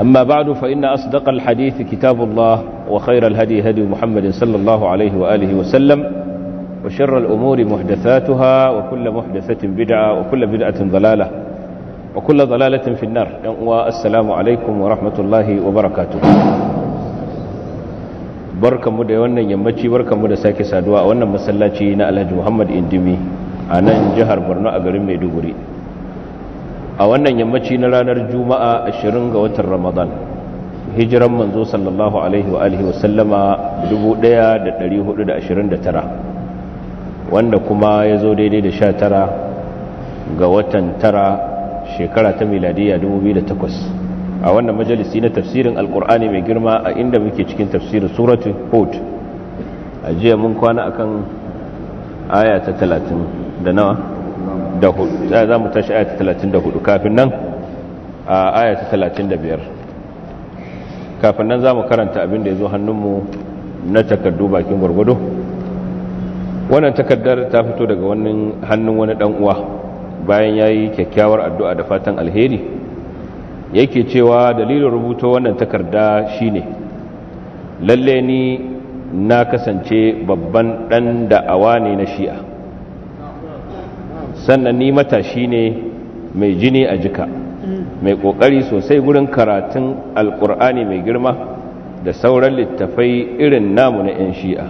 أما بعد فإن أصدق الحديث كتاب الله وخير الهدي هدي محمد صلى الله عليه وآله وسلم وشر الأمور محدثاتها وكل محدثة بدعة وكل بدعة ضلالة وكل ضلالة في النار والسلام عليكم ورحمة الله وبركاته barkan mu da wannan yammaci barkan mu da sake saduwa a wannan masallaci na Alhaji Muhammad Indimi a nan jihar Borno a garin Maiduguri a wannan yammaci na ranar juma'a 20 ga watan ramadan hijiran manzo sallallahu alaihi wa alihi wasallama 1429 wanda kuma ya zo daidai da 19 ga watan tara shekara ta miladiya 2008 a wannan majalisi na tafsirin alkur'ani mai girma a inda muke cikin tafsirin suratul hud a jiya mun kwana akan aya ta talatin da nawa za mu tashi ayata talatin da hudu kafin nan a ayata talatin da biyar kafin nan za mu karanta abin da ya zo hannunmu na takardu bakin gwargwado wannan takardar ta fito daga wani hannun wani dan uwa bayan ya yi kyakkyawar addu'a da fatan alheri yake cewa dalilin rubuta wannan takarda shine lalle ni na kasance babban dan da'awa ne na shi'a sannan ni matashi ne mai jini a jika mai kokari sosai gurin karatun alkur'ani mai girma da sauran littafai irin namu na 'yan shi'a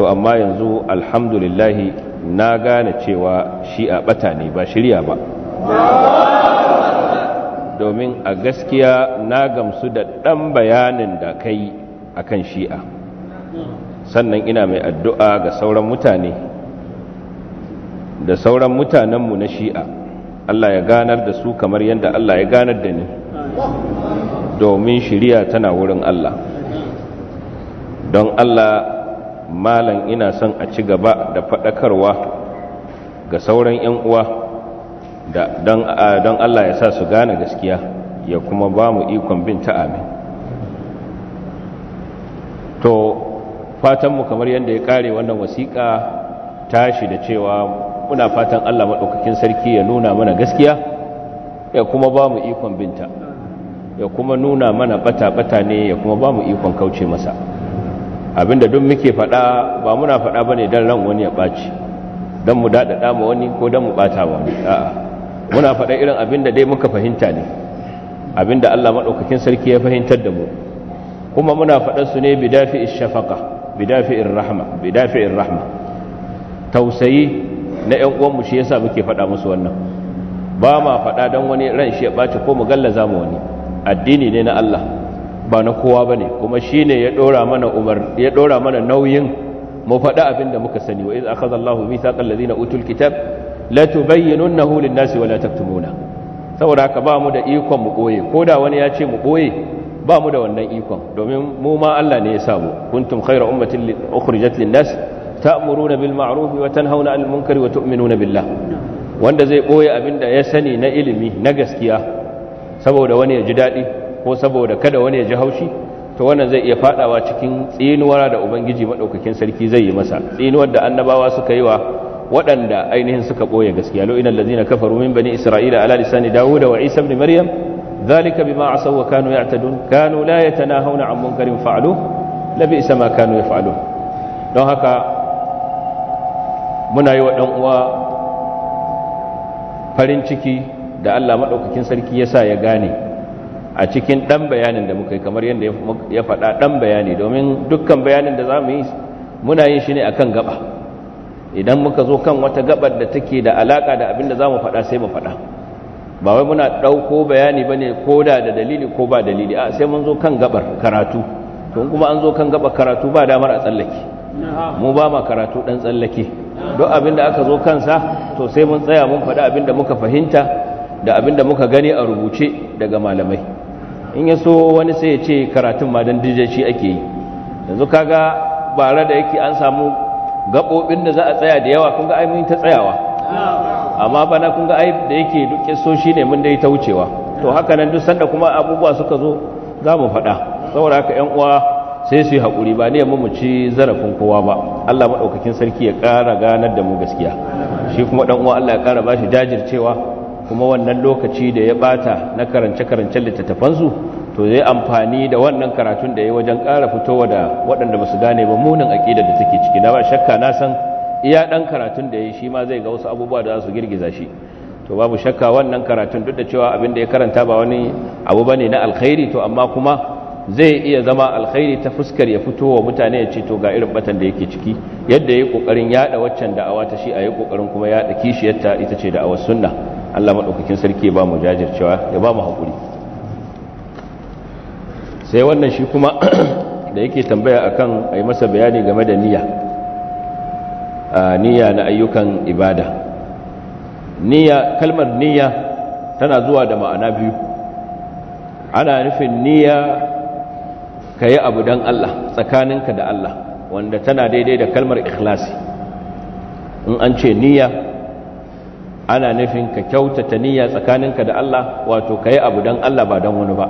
to amma yanzu alhamdulillahi na gane cewa shi'a bata ne ba shirya ba domin a gaskiya na gamsu da ɗan bayanin da kai akan shi'a sannan ina mai addu'a ga sauran mutane da sauran mutanenmu na shi'a Allah ya ganar da su kamar yadda Allah ya ganar da ni domin shiriya tana wurin Allah don Allah malam ina son a ci gaba da faɗakarwa ga sauran 'yan uwa don Allah ya sa su gane gaskiya ya kuma ba mu ikon bin ta to fatanmu kamar yadda ya kare wannan wasiƙa tashi da cewa muna fatan Allah maɗaukakin sarki ya nuna mana gaskiya ya kuma ba mu ikon binta ya kuma nuna mana bata-bata ne ya kuma ba mu ikon kauce masa abinda duk muke faɗa ba muna faɗa ba ne don ran wani ya ɓaci don mu daɗaɗa ma wani ko don mu ɓata ma wani a'a muna faɗa irin abinda dai muka fahimta ne abinda Allah maɗaukakin sarki ya fahimtar da mu kuma muna faɗar su ne bidafi'ir shafaqa bidafi'ir rahma bidafi'ir rahma tausayi na yan uwanmu shi yasa muke faɗa musu wannan ba ma faɗa don wani ran shi ya ɓaci ko mu gallaza mu wani addini ne na Allah ba na kowa bane kuma shine ya dora mana umar ya ɗora mana nauyin mu faɗa abin da muka sani wa iz akhadha Allahu mithaqal ladina utul kitab la tubayyinunahu lin-nasi wa la taktumuna saboda haka ba mu da ikon mu boye da wani ya ce mu boye ba mu da wannan ikon domin mu ma Allah ne ya samu kuntum khayra ummatin ukhrijat lin-nas ta'muruna bil ma'ruf wa tanhauna 'anil munkari wanda zai boye abin da ya sani na ilimi na gaskiya saboda wani ya ji daɗi ko saboda kada wani ya ji haushi to wannan zai iya faɗawa cikin tsinuwar da ubangiji madaukakin sarki zai yi masa tsinuwar da annabawa suka yi wa waɗanda ainihin suka boye gaskiya lo inal ladzina kafaru min bani isra'ila ala lisani dawud wa isa ibn maryam dhalika bima asaw wa kanu ya'tadun kanu la yatanahawna 'an munkarin fa'aluhu isa ma kanu yaf'alun don haka muna yi wa ɗan uwa farin ciki da Allah maɗaukakin sarki ya sa ya gane a cikin ɗan bayanin da muka yi kamar yadda ya faɗa ɗan bayani domin dukkan bayanin da za mu yi muna yin shi ne a kan gaba idan muka zo kan wata gabar da take da alaƙa da abin da za mu faɗa sai mu faɗa ba wai muna ɗauko bayani ba ne ko da da dalili ko ba dalili a sai mun zo kan gabar karatu to kuma an zo kan gabar karatu ba damar a tsallake mu ba ma karatu ɗan tsallake don da aka zo kansa to sai mun tsaya mun faɗi da muka fahimta da abinda muka gani a rubuce daga malamai in ya so wani sai ya ce karatun ma dan shi ake yi yanzu kaga bara da yake an samu gaɓoɓin da za a tsaya da yawa kun ga ai ta tsayawa amma bana kun ga ai da yake duk shi ne mun dai ta wucewa to haka nan duk sanda kuma abubuwa suka zo za mu faɗa saboda haka 'yan uwa sai su yi haƙuri ba ne mu ci zarafin kowa ba Allah maɗaukakin sarki ya ƙara ganar da mu gaskiya shi kuma ɗan uwa Allah ya ƙara ba shi jajircewa kuma wannan lokaci da ya bata na karance-karancen littattafansu to zai amfani da wannan karatun da ya wajen ƙara fitowa da waɗanda ba su gane ba munin aƙidar da take ciki na ba shakka na san iya ɗan karatun da ya yi shi ma zai ga wasu abubuwa da za su girgiza shi to babu shakka wannan karatun duk da cewa abin da ya karanta ba wani abu bane na alkhairi to amma kuma zai iya zama alkhairi ta fuskar ya fito wa mutane ya ce to ga irin batan da yake ciki yadda ya yi kokarin yada waccan da'awa ta shi a yi kokarin kuma yada kishiyarta ita ce da'awar sunna Allah madaukakin sarki ya ba mu jajircewa ya ba mu hakuri sai wannan shi kuma da yake tambaya akan yi masa bayani game da niyya niyya na ayyukan ibada kalmar niyya tana zuwa da ma'ana biyu ana nufin niyya ka yi abu don Allah tsakaninka da Allah wanda tana daidai da kalmar ikhlasi in an ce niyya ana nufin ka kyautata niyya tsakaninka da Allah wato ka yi abu don Allah ba don wani ba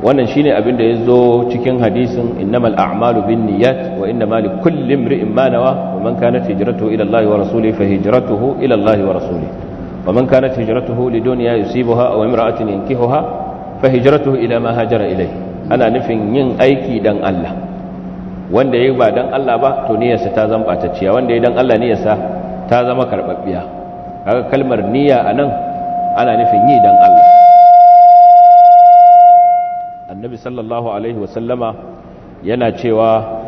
wannan shi ne abin da ya zo cikin hadisin innamal a'malu bin niyyat wa innama li kulli imri'in ma nawa wa man kanat hijratuhu ila Allah wa rasulihi fa hijratuhu ila Allah wa rasulihi wa man kanat hijratuhu lidunya yusibuha aw imra'atin yankihuha fa hijratuhu ila ma hajara ilayhi ana nufin yin aiki dan Allah wanda yi ba dan Allah ba to niyyarsa ta zama batacciya wanda yi dan Allah niyyarsa ta zama karbabbiya kaga kalmar niyya anan ana nufin yi dan Allah annabi sallallahu alaihi wasallama yana cewa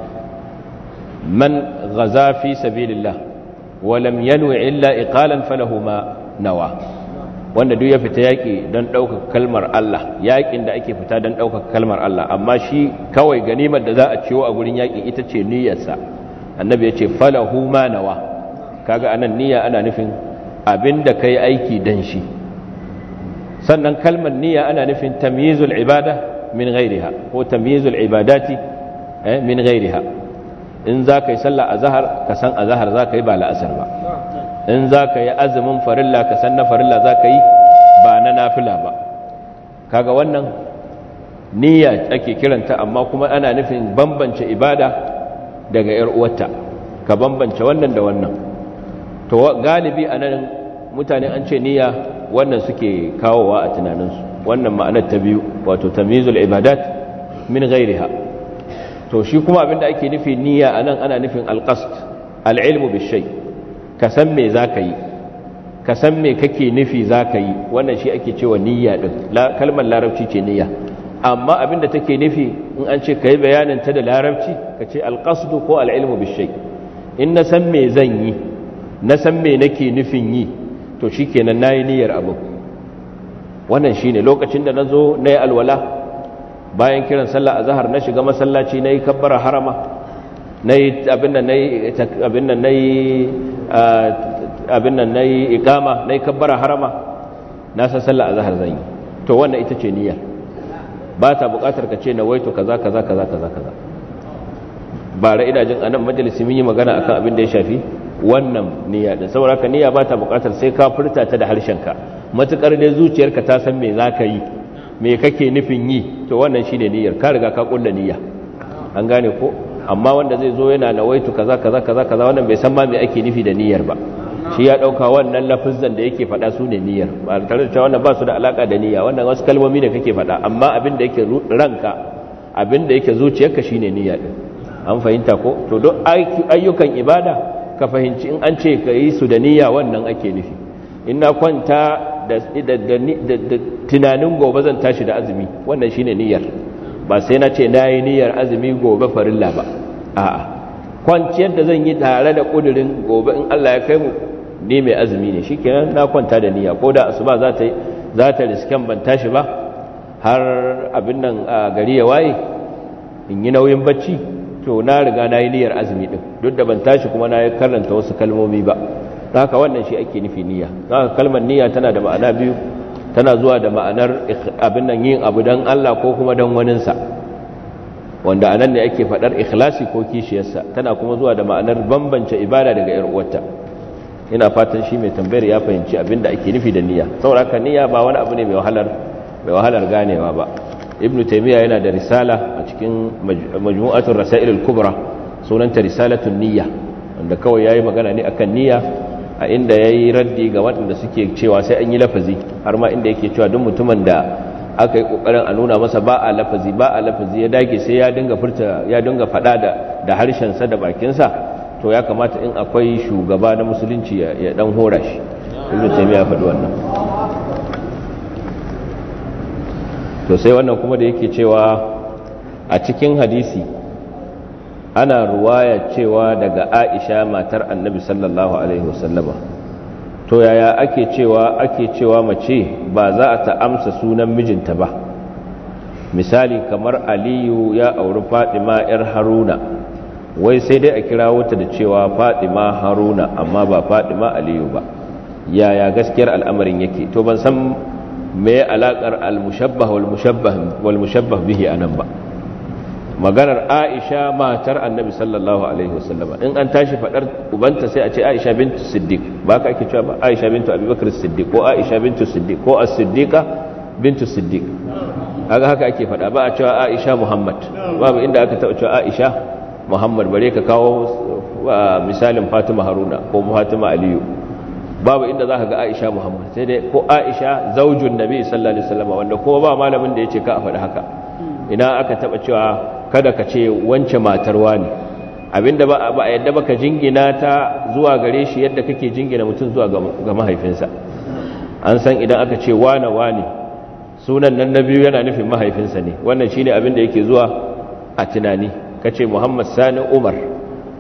man ghaza fi sabilillah wa lam yalwi illa iqalan falahuma ma nawa wanda duk ya fita yaƙi don ɗaukar kalmar Allah yaƙin da ake fita don ɗaukar kalmar Allah amma shi kawai ganimar da za a ciwo a gurin yaƙi ita ce niyyarsa annabi ya ce falahu nawa kaga anan niyya ana nufin abin da yi aiki don shi sannan kalmar niyya ana nufin tamyizul ibada min ghairiha ko tamyizul ibadati eh, min ghairiha in za ka yi sallah azahar ka san azhar za ka yi ba la'asar ba in za ka yi azumin farilla ka san na farilla za ka yi ba na nafila ba kaga wannan niyya ake kiranta amma kuma ana nufin bambance ibada daga 'yar uwarta ka bambance wannan da wannan to galibi a nan mutane an ce niyya wannan suke kawowa a tunaninsu wannan ma'anar ta biyu wato tamizul ibadat min ghairiha to shi kuma abinda ake nufi niyya anan ana nufin alqasd al'ilmu bishai ka san me za ka yi ka san me kake nufi za ka yi wannan shi ake cewa niyya ɗin kalmar larabci ce niyya amma abin da take nufi in an ce ka yi bayaninta da larabci ka ce alƙasdu ko al'ilmu bishai in na san me zan yi na san me nake nufin yi to shi kenan na yi niyyar abu. wannan shi ne lokacin da na zo na yi alwala bayan kiran sallah a zahar na shiga masallaci na yi kabbara harama na yi abin nan na yi abin nan na yi ikama na yi kabbara harama na san sallah a zahar zan yi to wannan ita ce niyyar ba ta buƙatar ka ce na waito kaza kaza kaza kaza kaza ra ina jin anan majalisi mun yi magana akan abin da ya shafi wannan niyya da saboda ka niyya ba ta buƙatar sai ka furta ta da harshenka matukar ne zuciyarka ta san me za ka yi me kake nufin yi to wannan shine niyyar ka riga ka kulla niyya an gane ko amma wanda zai zo yana nawaitu kaza kaza kaza kaza wannan bai san ma mai ake nufi da niyyar ba shi ya dauka wannan lafazan da yake faɗa su ne niyyar ba tare da cewa wannan ba su da alaka da niyya wannan wasu kalmomi ne kake faɗa amma abin da yake ranka abin da yake zuciyarka shine niyya din an fahimta ko to duk ayyukan ibada ka fahimci in an ce ka yi su da niyya wannan ake nufi in na kwanta da tunanin gobe zan tashi da azumi wannan shine niyyar ba sai na ce na yi niyyar azumi gobe farilla ba a'a kwanciyar da zan yi tare da ƙudurin gobe in Allah ya kai mu ni mai azumi ne shi kenan na kwanta da niyya ko da asuba za ta za ta risken ban tashi ba har abin nan a gari ya waye in yi nauyin bacci to na riga na yi niyyar azumi din duk da ban tashi kuma na yi karanta wasu kalmomi ba haka wannan shi ake nufi niyya haka kalmar niyya tana da ma'ana biyu tana zuwa da ma'anar abin nan yin abu don Allah ko kuma don waninsa wanda anan ne ake faɗar ikhlasi ko kishiyarsa tana kuma zuwa da ma'anar bambance ibada daga ‘yar uwarta ina fatan shi mai tambayar ya fahimci abin da ake nufi da niyya sauraka niyya ba wani abu ne mai wahalar ganewa ba ibnu taimiyya yana da risala a cikin majmu'atun rasa'il kubra sunanta risalatun niyya wanda kawai ya yi magana ne akan niyya a inda ya yi raddi ga waɗanda suke cewa sai an yi lafazi har ma inda yake cewa duk mutumin da aka yi ƙoƙarin a nuna masa ba a lafazi ba a lafazi ya dage sai ya dinga furta ya dinga faɗa da da harshensa da bakinsa to ya kamata in akwai shugaba na musulunci ya ɗan hora shi ibnu taymiya ya faɗi wannan to sai wannan kuma da yake cewa a cikin hadisi ana ruwaya cewa daga aisha matar annabi sallallahu alaihi wasallama to yaya ake cewa ake cewa mace ba za a ta amsa sunan mijinta ba misali kamar aliyu ya auri fadima yar haruna wai sai dai a kira ta da cewa fadima haruna amma ba fadima aliyu ba yaya gaskiyar al'amarin yake to ban san me alaƙar al-mushabbah wal-mushabbah wal-mushabbah bihi anan ba maganar aisha matar annabi sallallahu alaihi wasallam in an tashi fadar ubanta sai a ce aisha bintu siddiq ba ka ake cewa ba aisha bintu abubakar siddiq ko aisha bintu siddiq ko as-siddiqa bintu siddiq kaga haka ake fada ba a cewa aisha muhammad babu inda aka taba cewa aisha muhammad bare ka kawo misalin fatima haruna ko fatima aliyu babu inda zaka ga aisha muhammad sai dai ko aisha zaujun nabi sallallahu alaihi wasallam wanda kuma ba malamin da yace ka a faɗi haka ina aka taba cewa kada ka ce wance matarwa ne abinda ba a yadda ba ka jingina ta zuwa gare shi yadda kake jingina mutum zuwa ga mahaifinsa an san idan aka ce wane wane sunan nan na biyu yana nufin mahaifinsa ne wannan shine abin da yake zuwa a tunani ka ce muhammad sani umar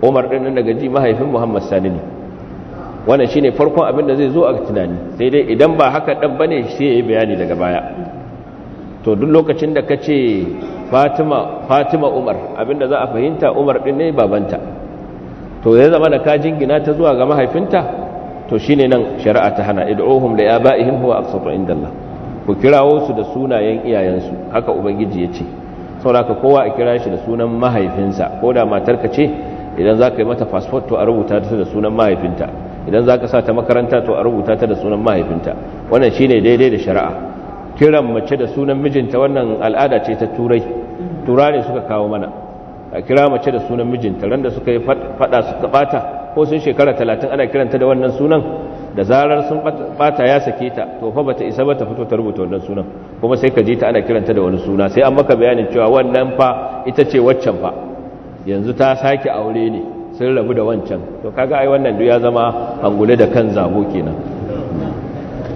umar ɗin daga ji mahaifin muhammad sani ne wannan shine farkon abin da zai zo a tunani sai dai idan ba haka ɗan ne sai ya yi bayani daga baya to duk lokacin da ka ce fatima fatima umar abinda za a fahimta umar din ne babanta to ya zama da ka jingina ta zuwa ga mahaifinta to shine nan shari'a ta hana id'uhum li abaihim huwa aqsatu indallah ku kirawo su da sunayen iyayensu haka ubangiji ya ce ka kowa a kira shi da sunan mahaifinsa ko da matarka ce idan za ka yi mata passport to a rubuta ta da sunan mahaifinta idan za ka sa ta makaranta to a rubuta ta da sunan mahaifinta wannan shine daidai da shari'a kiran mace da sunan mijinta wannan al'ada ce ta turai tura suka kawo mana a kira mace da sunan mijinta randa suka yi fada suka bata ko sun shekara talatin ana kiranta da wannan sunan da zarar sun bata ya sake ta to fa bata isa bata fito ta rubuta wannan sunan kuma sai ka je ta ana kiranta da wani suna sai an maka bayanin cewa wannan fa ita ce waccan fa yanzu ta sake aure ne sun rabu da wancan to kaga ai wannan duk ya zama angule da kan zabo kenan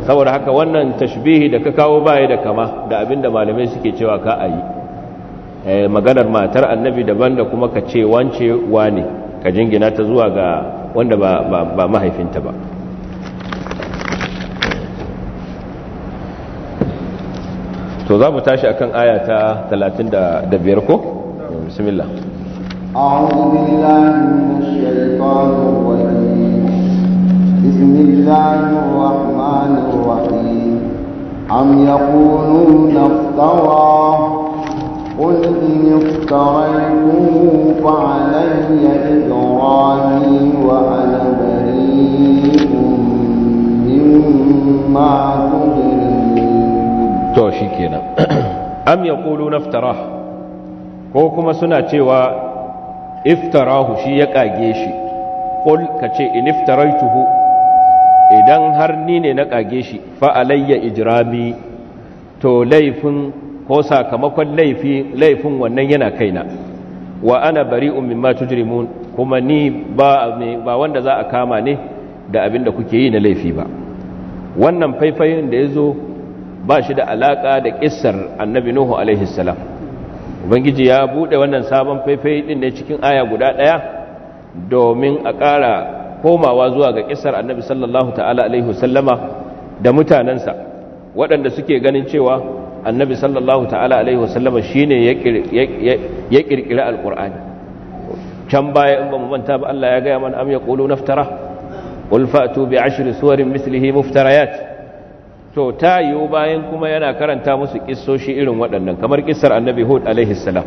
saboda haka wannan tashbihi da ka kawo baya da kama da abinda malamai suke cewa ka a yi eh, maganar matar annabi daban da kuma ka ce wance ne, ka jingina ta zuwa ga wanda ba mahaifinta ba to za mu tashi akan aya ta 35 ko bismillah a'udhu billahi minash الشيطان بسم الله الرحمن الرحيم أم يقولون افتراه قل إن افتريته فعلي إجرامي وأنا بريء مما تجرمون أم يقولون افتراه كوكما سناتي و افتراه شيكا جيشي قل كشيء إن افتريته idan har ni ne na kage shi fa alayya ijrami to laifin ko sakamakon laifi laifin wannan yana kaina wa ana bari'un mimma tujrimun kuma ni ba wanda za a kama ne da abin da kuke yi na laifi ba wannan faifayin da yazo ba shi da alaƙa da kissar annabi nuhu alaihi salam ubangiji ya buɗe wannan sabon faifai ɗin ne cikin aya guda ɗaya domin a ƙara komawa zuwa ga kisar annabi sallallahu ta'ala alaihi wasallama da mutanensa waɗanda suke ganin cewa annabi sallallahu ta'ala alaihi wasallama shine ya kirkiri alqur'ani can baya in ba mu manta ba Allah ya gaya mana am yaqulu naftara Ulfatu fa'tu bi ashri suwarin mislihi muftarayat to ta yiwu bayan kuma yana karanta musu kissoshi irin waɗannan kamar kisar annabi hud alaihi salam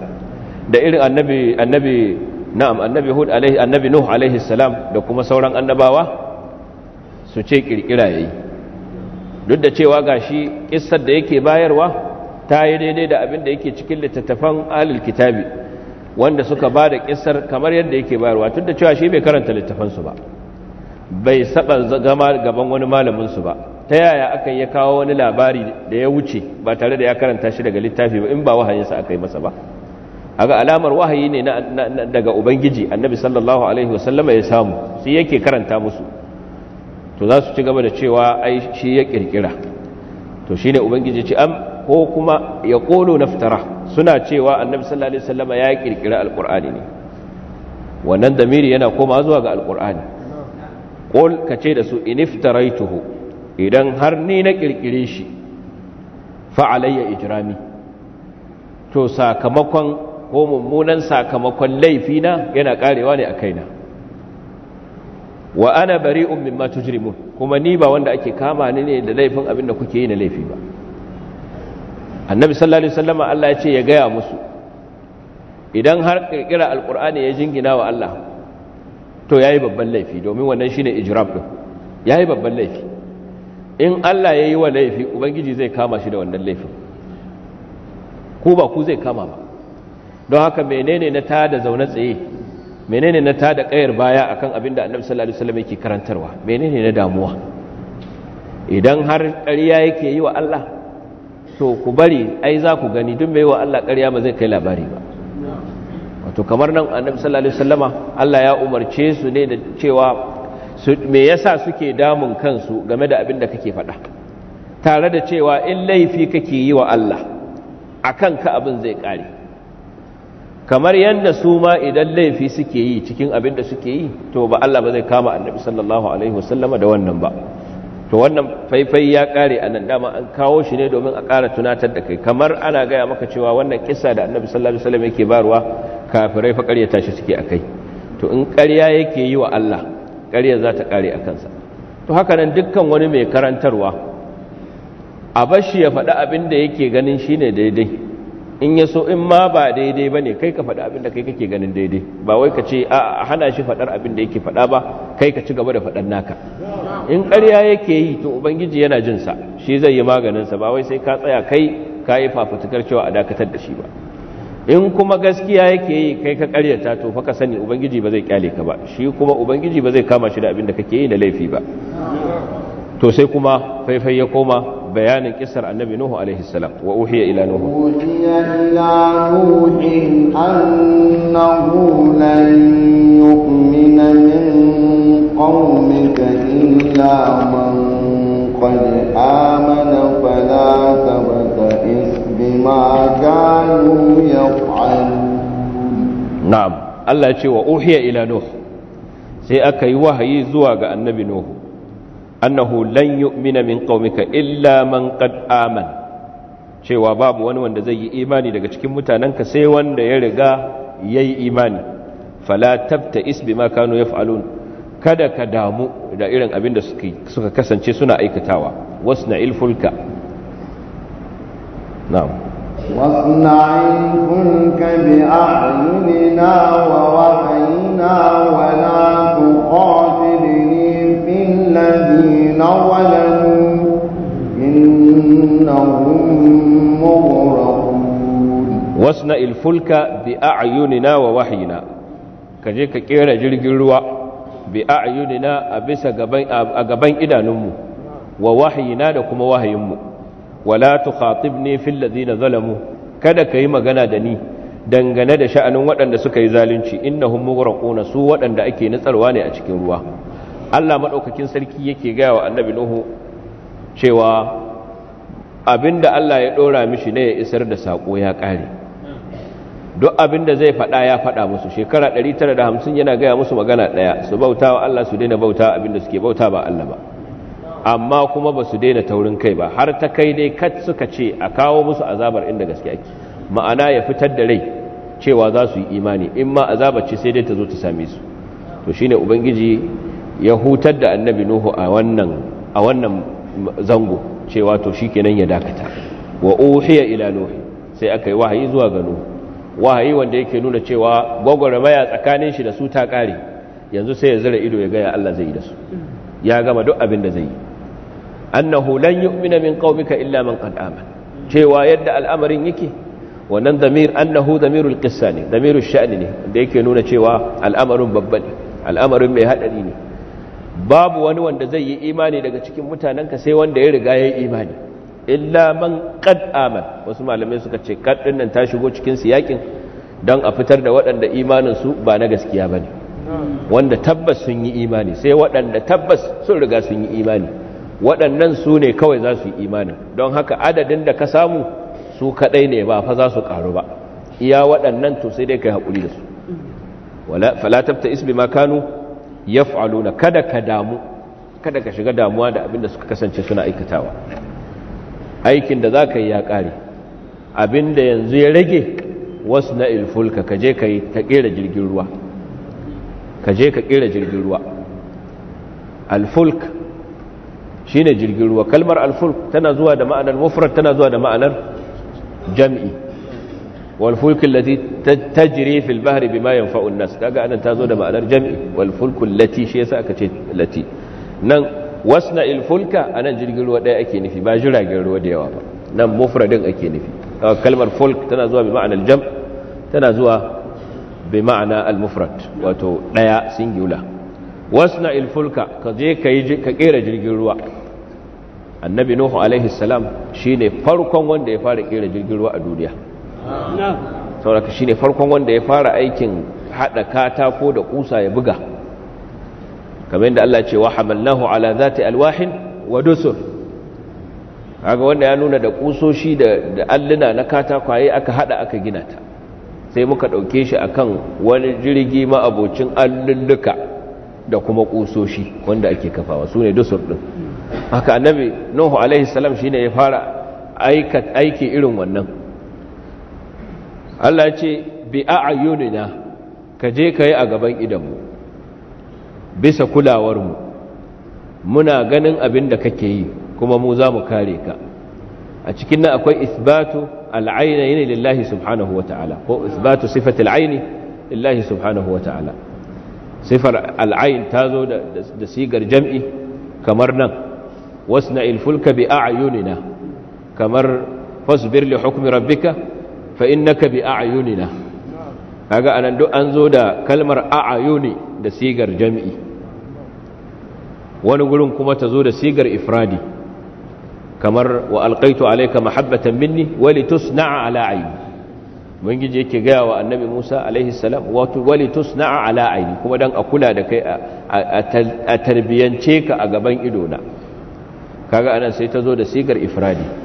da irin annabi annabi na'am annabi hud alaihi annabi nuh alaihi salam da kuma sauran annabawa su ce kirkira yayi duk da cewa gashi kissar da yake bayarwa ta yi daidai da abin da yake cikin littattafan ahlul kitabi wanda suka ba da kissar kamar yadda yake bayarwa tun da cewa shi bai karanta littafan su ba bai saba zama gaban wani malamin su ba ta yaya aka ya kawo wani labari da ya wuce ba tare da ya karanta shi daga littafi ba in ba wahayinsa akai masa ba aga alamar wahayi ne daga ubangiji annabi sallallahu alaihi wasallama ya samu sai yake karanta musu to za su ci gaba da cewa ai shi ya kirkira to shine ubangiji ce am ko kuma ya kolo naftara suna cewa annabi sallallahu alaihi wasallama ya kirkira alqur'ani ne wannan damiri yana koma zuwa ga alqur'ani qul kace da su iniftaraituhu idan har ni na kirkire shi fa alayya ijrami to sakamakon ko mummunan sakamakon laifi na yana karewa ne a kaina wa ana bari'un mimma tujrimun kuma ni ba wanda ake kama ni ne da laifin abin da kuke yi na laifi ba annabi sallallahu alaihi wasallam Allah ya ce ya gaya musu idan har kirkira alqur'ani ya jingina wa Allah to yayi babban laifi domin wannan shine ijrab din yayi babban laifi in Allah yayi wa laifi ubangiji zai kama shi da wannan laifin Ku ba ku zai kama ba don haka menene na tada zaune tsaye menene na tada kayar baya akan abin da annabi sallallahu alaihi wasallam yake karantarwa menene na damuwa idan har ƙarya yake yi wa Allah to ku bari ai za ku gani duk mai wa Allah ƙarya ba zai kai labari ba wato kamar nan annabi sallallahu alaihi wasallama Allah ya umarce su ne da cewa me yasa suke damun kansu game da abin da kake faɗa tare da cewa in laifi kake yi wa Allah akan ka abin zai ƙare kamar yadda su ma idan laifi suke yi cikin abin da suke yi to ba Allah ba zai kama annabi sallallahu alaihi wasallama da wannan ba to wannan faifai ya kare a nan dama an kawo shi ne domin a kara tunatar da kai kamar ana gaya maka cewa wannan kisa da annabi sallallahu alaihi wasallam yake barwa kafirai fa ƙarya tashi suke kai. to in ƙarya yake yi wa Allah ƙarya za ta kare a kansa to haka nan dukkan wani mai karantarwa a bashi ya faɗi abin da yake ganin shine daidai in ya so in ma ba daidai ba ne kai ka faɗa abin da kai kake ganin daidai ba wai ka ce a hana shi faɗar abin da yake faɗa ba kai ka ci gaba da faɗar naka in ƙarya yake yi to ubangiji yana jin sa shi zai yi maganin sa ba wai sai ka tsaya kai ka yi fafutukar cewa a dakatar da shi ba in kuma gaskiya yake yi kai ka ƙaryata to fa ka sani ubangiji ba zai kyale ka ba shi kuma ubangiji ba zai kama shi da abin da kake yi na laifi ba to sai kuma faifai ya koma bayanin kisar annabi nuhu alaihi salam wa uhiya ila nuhu uhiya ila nuhin annahu lan yu'mina min qaumika illa man qad amana fala tabta'is bima kanu yaf'alun na'am Allah ya ce wa uhiya ila nuhu sai aka yi wahayi zuwa ga annabi nuhu annahu lan yu'mina min qaumika illa man qad aman cewa babu wani wanda zai yi imani daga cikin mutanenka sai wanda ya riga yayi imani fala tabta'is bima kanu yaf'alun kada ka damu da irin abin da suka kasance suna aikatawa wasna'il fulka na'am واصنع الفلك بأعيننا ووحينا ولا تخاطب wasna ilfulka bi a'yunina wa wahyina kaje ka ƙera jirgin ruwa bi a'yunina a bisa gaban a gaban idanunmu wa wahyina da kuma wahayinmu wala ne filla ladina zalamu kada kai magana da ni dangane da sha'anin waɗanda suka yi zalunci innahum mughraquna su waɗanda ake nitsarwa ne a cikin ruwa Allah maɗaukakin sarki yake gaya wa annabi Nuhu cewa abinda Allah ya ɗora mishi ne ya isar da saƙo ya ƙare duk abin da zai faɗa ya faɗa musu shekara 950 yana gaya musu magana ɗaya su bauta wa Allah su daina bauta abinda suke bauta ba Allah ba amma kuma ba su daina taurin kai ba har ta kai dai kat suka ce a kawo musu azabar inda gaske ake ma'ana ya fitar da rai cewa za su yi imani in ma azabar ce sai dai ta zo ta same su to shine ubangiji ya hutar da annabi nuhu a wannan zango cewa to shi kenan ya dakata wa uhiya ila nuhu sai aka yi wahayi zuwa ga nuhu wahayi wanda yake nuna cewa gwagwarmaya tsakanin shi da su ta kare yanzu sai ya zira ido ya gaya Allah zai yi da su ya gama duk abin da zai yi annahu lan yu'mina min qaumika illa man qad aman. cewa yadda al'amarin yake wannan damir annahu damirul qissa ne damirul sha'ni ne da yake nuna cewa al'amarin babban al'amarin mai hadari ne babu wani wanda zai yi imani daga cikin mutanenka sai wanda ya riga ya yi imani illa man qad aman wasu malamai suka ce Kad din nan ta shigo cikin siyakin don a fitar da waɗanda imanin su ba na gaskiya ba ne. wanda tabbas sun yi imani sai waɗanda tabbas sun riga sun yi imani waɗannan su ne kawai za su yi imanin don haka adadin da ka samu su kaɗai ne ba fa za su ƙaru ba iya waɗannan to sai dai kai haƙuri da su wala fala tabta isbi ma na kada ka damu kada ka shiga damuwa da abin da suka kasance suna aikatawa aikin da za ka yi ya ƙare abin da yanzu ya rage wasu na ilfulka ka je ka yi ta ƙera jirgin ruwa ka je ka ƙera jirgin ruwa alfulk shi ne jirgin ruwa kalmar alfulk tana zuwa da ma'anar mufrad tana zuwa da ma'anar jam'i wal fulku allati tajri fil bima yanfa'u an-nas kaga anan tazo da ma'anar Jami. wal fulku allati shi yasa aka ce lati nan wasna il fulka anan jirgin ruwa daya ake nufi ba jiragen ruwa da yawa ba nan mufradin ake nufi kalmar fulk tana zuwa bi ma'anar jam tana zuwa bi ma'ana al-mufrad wato daya singular wasna ilfulka ka je ka kera jirgin ruwa annabi nuhu alaihi salam shine farkon wanda ya fara kera jirgin ruwa a duniya sauraka ne farkon wanda ya fara aikin haɗa katako da ƙusa ya buga kamar yadda Allah ce wa hamallahu ala zati alwahin wa dusur haka wanda ya nuna da kusoshi da alluna na katakwaye aka haɗa aka gina ta sai muka ɗauke shi akan wani jirgi ma abocin allulluka da kuma kusoshi wanda ake kafawa su ne dusur din haka annabi nuhu alaihi salam shine ya fara aiki irin wannan Allah ce bi a'yunina ka je kai a gaban idanmu bisa kulawarmu muna ganin abin da kake yi kuma mu za mu kare ka a cikin nan akwai isbatu al'ainaini lillahi subhanahu wa ta'ala ko isbatu sifatil aini lillahi subhanahu wa ta'ala sifar al'ain ta zo da sigar jam'i kamar nan wasna fulka bi a'yunina kamar fasbir li hukmi rabbika fa innaka bi a'yunina kaga anan duk an zo da kalmar aayuni da sigar jami'i wani gurin kuma ta zo da sigar ifradi kamar wa alqaitu alayka mahabbatan minni wa litusna'a ala ayni yake gaya wa annabi Musa alaihi salam wato wali tusna'a ala kuma dan a kula da kai a tarbiyance ka a gaban idona kaga anan sai ta zo da sigar ifradi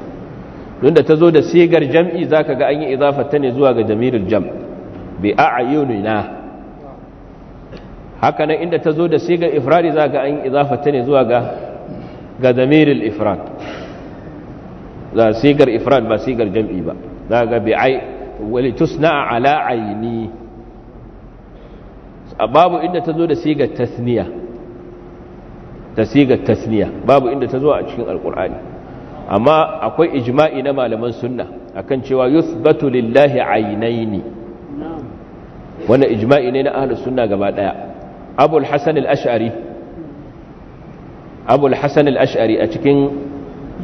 don da ta zo da sigar jam'i za ka ga an yi izafarta ne zuwa ga damirul jam bi a'yunina haka nan inda ta zo da sigar ifrari za ka an yi izafarta ne zuwa ga ga damirul ifrad za sigar ifrad ba sigar jam'i ba za ga bi ai wali tusna a ala aini babu inda ta zo da sigar tasniya babu inda ta zo a cikin Alƙur'ani. amma akwai ijma'i na malaman sunna akan cewa yuthbatu lillahi aynaini wanda ijma'i ne na ahli sunna gaba daya abul hasan al-ash'ari abul hasan al-ash'ari a cikin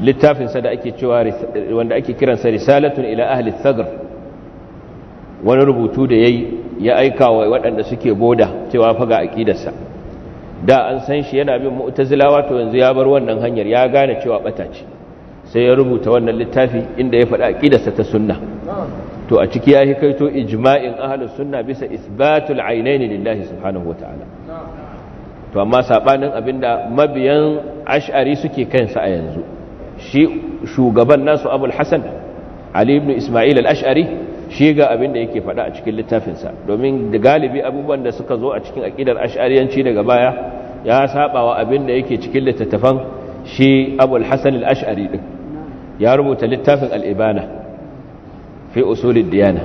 littafin sa da ake cewa wanda ake kiransa risalatun ila ahli thagr wani rubutu da yayi ya aika wa waɗanda suke boda cewa faga aqidarsa da an san shi yana bin mu'tazilawa to yanzu ya bar wannan hanyar ya gane cewa bata ce sai ya rubuta wannan littafi inda ya faɗa aqidarsa ta sunna to a ciki ya yi kaito ijma'in ahlus sunna bisa isbatul ainaini lillahi subhanahu wataala to amma saɓanin abinda mabiyan ash'ari suke kansa a yanzu shi shugaban nasu abul hasan ali ibn isma'il al-ash'ari shi ga abinda yake faɗa a cikin littafinsa domin da galibi abubuwan da suka zo a cikin aƙidar ash'ariyanci daga baya ya saɓawa abinda yake cikin littattafan shi abu hasan al-ash'ari din ya rubuta littafin al-ibana fi usulid diyana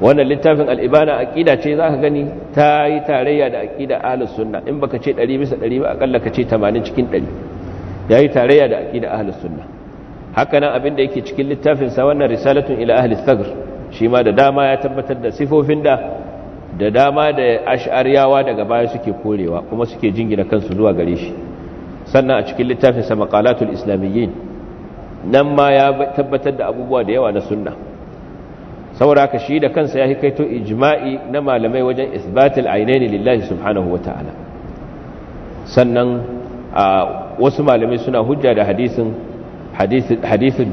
wannan littafin al-ibana aqida ce ka gani ta yi tarayya da aqida ahlus sunna in baka ce 100 bisa 100 ba akalla ka ce 80 cikin 100 yi tarayya da aqida ahlus sunna haka nan abin da yake cikin littafin sa wannan risalatun ila ahli thagr shi ma da dama ya tabbatar da sifofin da da dama da ash'ariyawa daga baya suke korewa kuma suke jingina kansu zuwa gare shi sannan a cikin littafinsa maqalatul islamiyyin nan ma ya tabbatar da abubuwa da yawa na sunna saboda haka shi da kansa ya hikaito ijma'i na malamai wajen isbatul ainaini lillahi subhanahu wata'ala sannan wasu malamai suna hujja da hadisin hadisin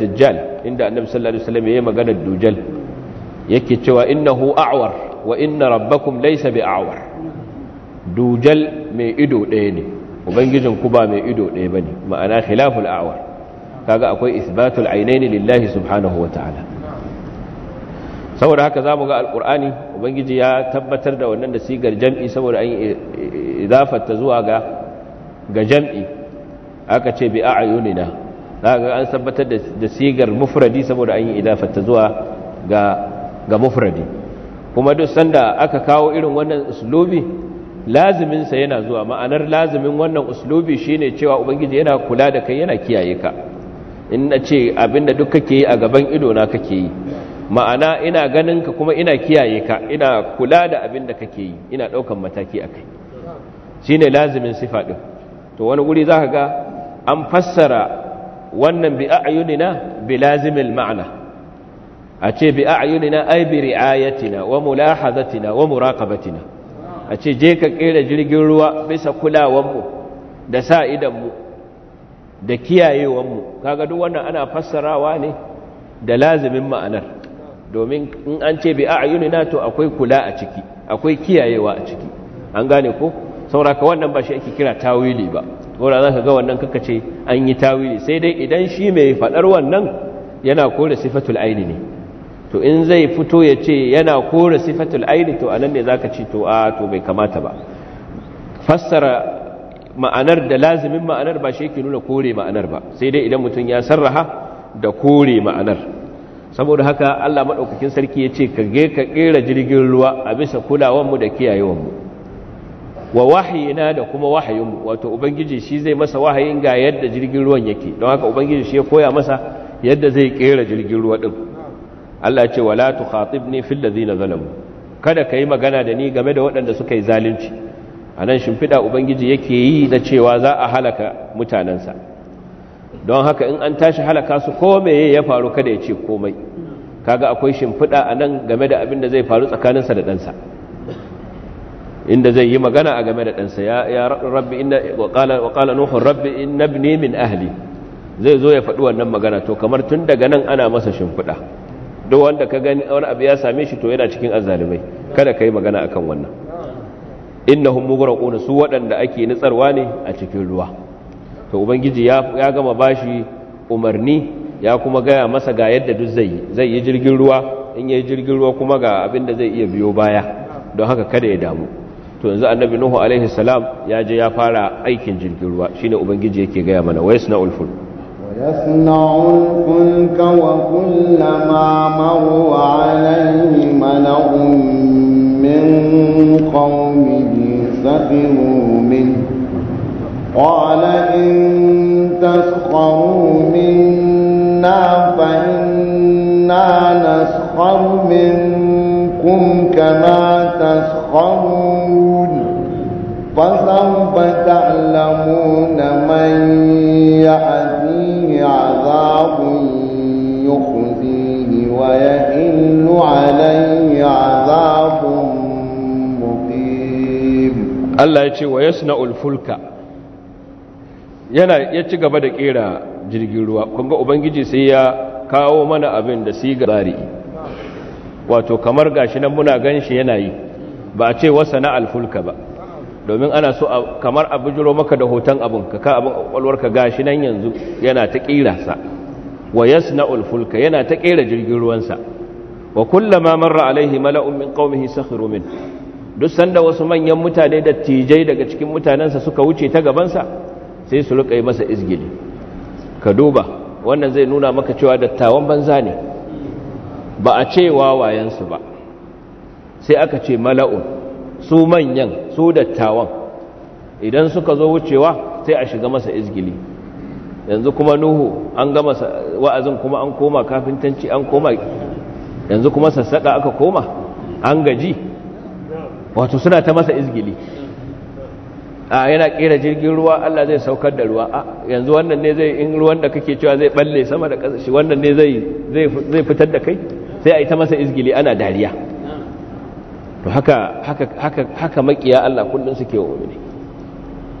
dajjal inda annabi sallallahu alaihi wasallam yayi magana dujjal yake cewa innahu a'war wa inna rabbakum laysa awar dujjal mai ido ɗaya ne ubangijin ku ba mai ido ɗaya ba ne? ma'ana khilaful a'war kaga akwai isbatul ainaini lillahi subhanahu wata'ala saboda haka zamu ga alqur'ani ubangiji ya tabbatar da wannan da sigar jam'i saboda an idafar ta zuwa ga jam'i aka ce bi a'yunina kaga an tabbatar da sigar mufradi saboda an yi ta zuwa ga ga mufradi kuma duk sanda aka kawo irin wannan uslubi lazimin sa yana zuwa ma'anar lazimin wannan uslubi shine cewa ubangiji yana kula da kai yana kiyaye ka in na ce abinda duk kake yi a gaban ido na kake yi ma'ana ina ganin ka kuma ina kiyaye ka ina kula da abinda kake yi ina ɗaukan mataki akai shine lazimin sifa ɗin. to wani guri zaka ga an fassara wannan bi a'yunina bi lazimil ma'ana a ce bi a'yunina ay bi ri'ayatina wa mulahazatina wa muraqabatina a ce je ka kera jirgin ruwa bisa kulawanmu da sa idanmu da kiyayewanmu kaga duk wannan ana fassarawa ne da lazimin ma'anar domin in an ce bi a'yunina to akwai kula a ciki akwai kiyayewa a ciki an gane ko sauraka wannan ba shi ake kira tawili ba gora za ka ga wannan kaka ce an yi tawili sai dai idan shi mai faɗar wannan yana kore sifatul aini ne to in zai fito ya ce yana kore sifatul aini to anan ne zaka ce to a to bai kamata ba fassara ma'anar da lazimin ma'anar ba shi yake nuna kore ma'anar ba sai dai idan mutum ya sarraha da kore ma'anar saboda haka Allah madaukakin sarki ya ce ka ge ka kera jirgin ruwa a bisa kulawar mu da mu wa wahyina da kuma mu wato ubangiji shi zai masa wahayin ga yadda jirgin ruwan yake don haka ubangiji shi ya koya masa yadda zai kera jirgin ruwa din Allah ce wala tukhatibni fil ladina zalamu kada kai magana da ni game da waɗanda suka yi zalunci anan shimfida ubangiji yake yi da cewa za a halaka mutanansa don haka in an tashi halaka su ko meye ya faru kada ya ce komai kaga akwai shimfida anan game da abin da zai faru tsakaninsa da ɗansa inda zai yi magana a game da ɗansa ya rabbi inna wa qala nuhu rabbi inna ibni min ahli zai zo ya faɗi wannan magana to kamar tun daga nan ana masa shimfida duk wanda ka gani wani abu ya same shi to yana cikin azzalimai kada ka yi magana akan wannan innahum mughraqun su waɗanda ake nitsarwa ne a cikin ruwa to ubangiji ya gama bashi umarni ya kuma gaya masa ga yadda duk zai yi zai yi jirgin ruwa in yi jirgin ruwa kuma ga abin da zai iya biyo baya don haka kada ya damu to yanzu annabi nuhu alaihi salam ya je ya fara aikin jirgin ruwa shine ubangiji yake gaya mana na fulk يصنع الفلك وكلما مر عليه ملأ من قومه سخروا منه قال إن تسخروا منا فإنا نسخر منكم كما Allah ya ce wa yasna'ul fulka yana ya ci gaba da kera jirgin ruwa kunga ubangiji sai ya kawo mana abin da siga zari wato kamar gashi nan muna ganshi yana yi ba a ce wasa na alfulka ba domin ana so kamar a jiro maka da hoton abin ka ka abin kwakwalwarka gashi nan yanzu yana ta kera sa wa yasna'ul alfulka yana ta kera jirgin ruwan sa. wa kullama marra alaihi mala'un min qaumihi sakhiru min duk sanda wasu manyan mutane da tijai daga cikin mutanensa suka wuce ta gabansa sai su rika yi masa izgili ka duba wannan zai nuna maka cewa dattawan banza ne ba a ce wawayensu ba sai aka ce mala'un su manyan su dattawan idan suka zo wucewa sai a shiga masa izgili yanzu kuma nuhu an gama wa'azin kuma an koma kafintanci an koma yanzu kuma sassaƙa aka koma an gaji wato suna ta masa izgili a yana kera jirgin ruwa Allah zai saukar da ruwa a yanzu wannan ne zai in ruwan da kake cewa zai balle sama da ƙasa shi wannan ne zai zai fitar da kai sai a yi ta masa izgili ana dariya to haka haka haka haka makiya Allah kullun suke wa mu'mini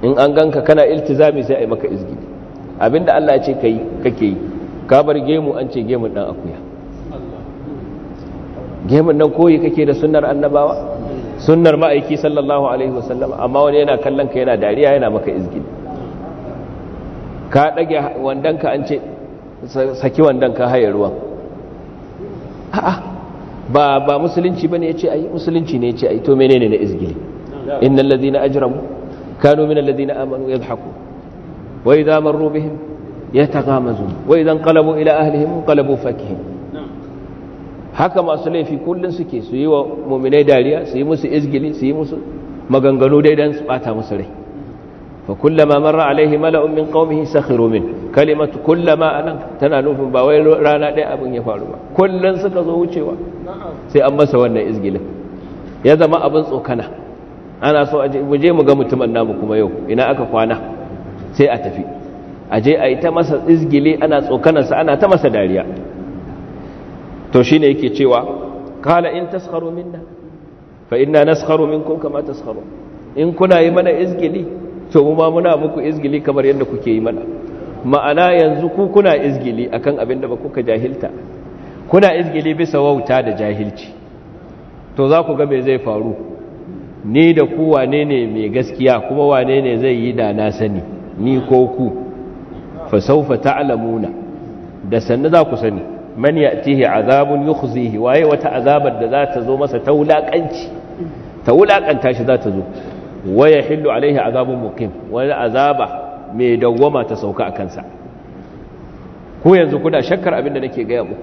in an ganka kana iltizami sai a yi maka izgili abinda Allah ya ce kai kake yi ka bar gemu an ce gemun dan akuya gemun nan koyi kake da sunnar annabawa sunnar ma'aiki sallallahu alaihi wasallam amma wani yana kallon ka yana dariya yana maka izgil ka dage wandanka an ce saki wandanka haye ruwan a'a ba ba musulunci bane yace ai musulunci ne yace ai to menene na izgili innal ladina ajramu kanu minal ladina amanu yadhhaku wa idha marru bihim yataghamazun wa idha qalabu ila ahlihim inqalabu fakihin haka masu laifi kullum suke su yi wa muminai dariya su yi musu izgili su yi musu maganganu dai su bata musu rai fa kullama marra alaihi mala'un min qaumihi sakhiru min kalimatu kullama anan tana nufin ba wai rana ɗaya abin ya faru ba kullum suka zo wucewa sai an masa wannan izgilin ya zama abin tsokana ana so mu je mu ga mutumin namu kuma yau ina aka kwana sai a tafi aje a yi ta masa izgile ana tsokanarsa ana ta masa dariya to shi ne yake cewa kala in taskharu minna fa inna naskharu minkum kama taskaro? in kuna yi mana izgili to mu ma muna muku izgili kamar yadda kuke yi mana ma'ana yanzu ku kuna izgili akan abin da ba kuka jahilta kuna izgili bisa wauta da jahilci to za ku ga me zai faru ni da ku wane ne mai gaskiya kuma wane ne zai yi da na sani ni ko ku fa saufa ta'lamuna da sanna za ku sani man ya'tihi azabun yukhzihi waye wata azabar da za ta zo masa ta wulakanci ta wulakanta shi za ta zo waya hillu alaihi azabun muqim wani azaba mai dawwama ta sauka a kansa ko yanzu kuna shakkar abinda nake gaya muku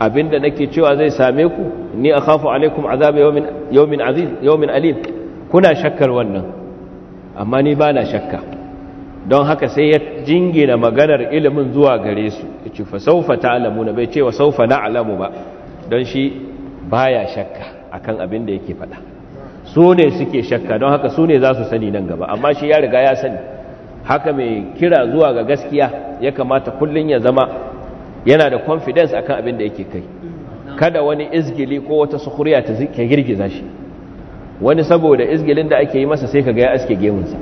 abinda nake cewa zai same ku ni a akhafu alaikum azab yawmin aziz yawmin alim kuna shakkar wannan amma ni bana shakka don haka sai ya jingina maganar ilimin zuwa gare su ya ce fa saufa na bai cewa wa saufa na'lamu ba don shi baya shakka akan abin da yake faɗa su ne suke shakka don haka su ne za su sani nan gaba amma shi ya riga ya sani haka mai kira zuwa ga gaskiya ya kamata kullum ya zama yana da confidence akan abin da yake kai kada wani izgili ko wata sukuriya ta girgiza shi wani saboda izgilin da ake yi masa sai kaga ya aske gemunsa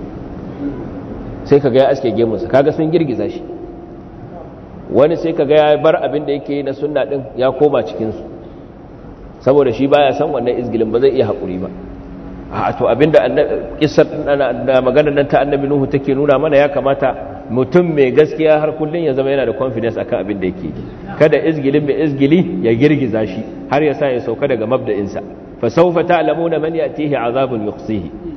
sai kaga ya aske gemunsa kaga sun girgiza shi wani sai kaga ya bar abin da yake yi na sunna din ya koma cikinsu saboda shi baya san wannan izgilin ba zai iya haƙuri ba a to da kissar da magana nan ta annabi nuhu take nuna mana ya kamata mutum mai gaskiya har kullum ya zama yana da confidence akan abin da yake kada izgilin mai izgili ya girgiza shi har ya sa ya sauka daga mabda'insa fa sawfa ta'lamuna man ya'tihi azabun yuqsihi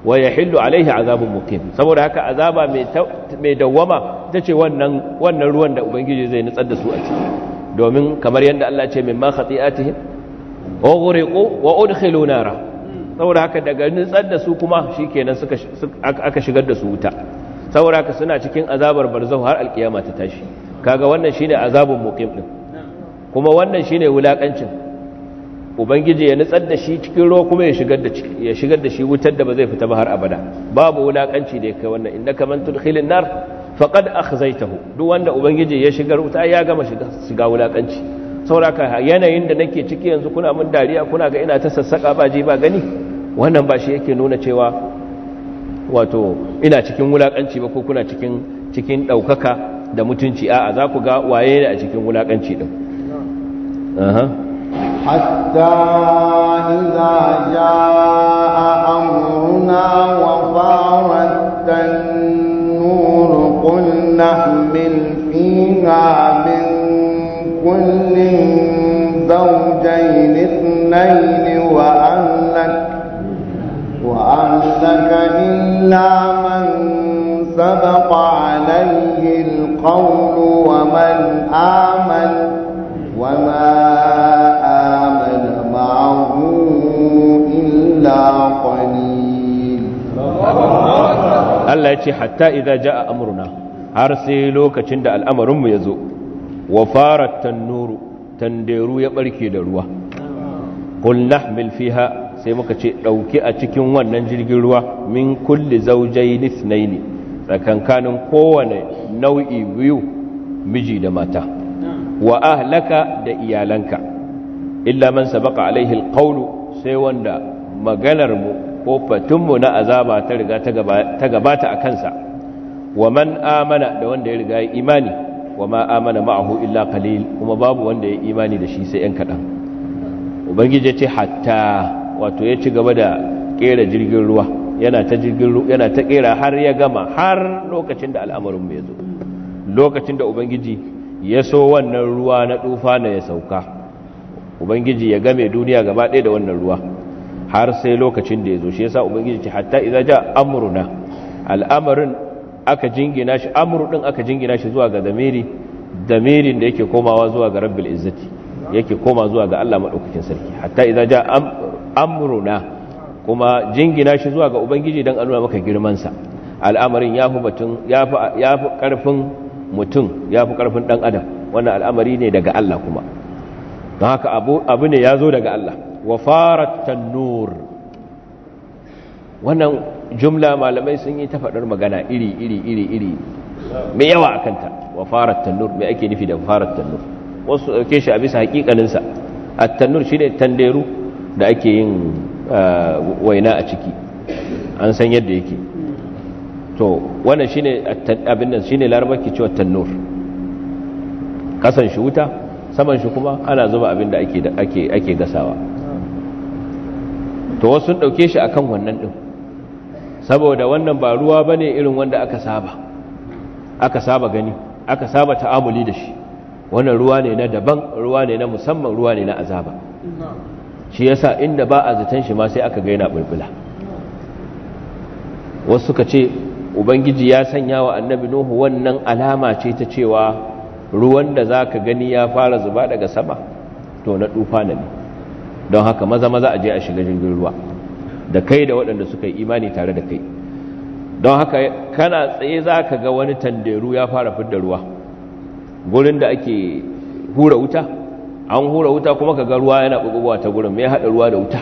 wa hillu alaihi azabun muqim saboda haka azaba mai dawwama tace wannan wannan ruwan da ubangiji zai nutsar da su a ciki domin kamar yadda Allah ce mimma khati'atihim wa ghuriqu wa udkhilu nara saboda haka daga nutsar da su kuma shi kenan aka shigar da su wuta saboda haka suna cikin azabar barzau har alkiyama ta tashi kaga wannan shine azabun muqim din kuma wannan shine wulakancin ubangiji ya nutsar da shi cikin ruwa kuma ya shigar da shi wutar da ba zai fita ba har abada babu wulakanci da ya kai wannan inda ka man tudkhilin nar faqad akhzaytahu duk wanda ubangiji ya shigar wuta ya gama shiga wulakanci sauraka yanayin da nake ciki yanzu kuna mun dariya kuna ga ina ta sassaka ba ji ba gani wannan ba shi yake nuna cewa wato ina cikin wulakanci ba ko kuna cikin cikin daukaka da mutunci a'a za ku ga waye ne a cikin wulakanci din aha حتى إذا جاء أمرنا وفارت النور قل نحمل فيها من كل زوجين اثنين وأهلك وأهلك إلا من سبق عليه القول ومن آمن Allah ya ce hatta idza jaa amruna har sai lokacin da al'amarin mu yazo wa farat tannuru tanderu ya barke da ruwa qul nahmil fiha sai muka ce dauki a cikin wannan jirgin ruwa min kulli zawjayn ithnayn tsakankanin kowane nau'i biyu miji da mata wa ahlaka da iyalanka illa man sabaqa alaihi alqawlu sai wanda maganar mu ko mu na azaba ta riga ta gabata a kansa wa man amana da wanda ya riga ya imani wa ma amana ma'ahu illa qalil kuma babu wanda ya imani da shi sai yan kaɗan. ubangiji ya ce hatta wato ya ci gaba da kera jirgin ruwa yana ta jirgin ruwa yana ta kera har ya gama har lokacin da al'amarin mai zo lokacin da ubangiji ya so wannan ruwa na tufa na ya sauka ubangiji ya game duniya gaba ɗaya da wannan ruwa har sai lokacin da ya zo shi yasa ubangiji ce hatta idza ja amruna al'amarin aka jingina shi amru din aka jingina shi zuwa ga damiri damirin da yake komawa zuwa ga rabbil izzati yake koma zuwa ga Allah madaukakin sarki hatta idza ja amruna kuma jingina shi zuwa ga ubangiji dan a maka girman sa al'amarin yafi batun yafi yafi karfin mutum yafi karfin dan adam wannan al'amari ne daga Allah kuma don haka abu ne ya zo daga Allah wa farat tannur wannan jumla malamai sun yi ta magana iri iri iri iri mai yawa a kanta wa farat tannur mai ake nufi da farat tannur wasu ɗauke shi a bisa hakikaninsa a tannur shi ne tanderu da ake yin uh, waina a ciki an san yadda yake to wannan shi ne abin nan shi ne larabar cewa tannur kasan shi wuta saman shi kuma ana zuba abin da ake gasawa to wasu sun ɗauke shi akan wannan ɗin saboda wannan ba ruwa ba ne irin wanda aka saba aka saba gani aka saba ta'amuli da shi wannan ruwa ne na daban ruwa ne na musamman ruwa ne na azaba shi yasa inda ba a zaton shi ma sai aka gaina bulbula wasu suka ce ubangiji ya sanya wa annabi nuhu wannan alama ce ta cewa ruwan da za ka gani ya fara zuba daga sama to na tufa ne don haka maza maza a je a shiga jirgin ruwa da kai da waɗanda suka yi imani tare da kai don haka kana tsaye za ka ga wani tanderu ya fara fidda ruwa gurin da ake hura wuta an hura wuta kuma ka ga ruwa yana ɓuɓɓuwa ta gurin mai haɗa ruwa da wuta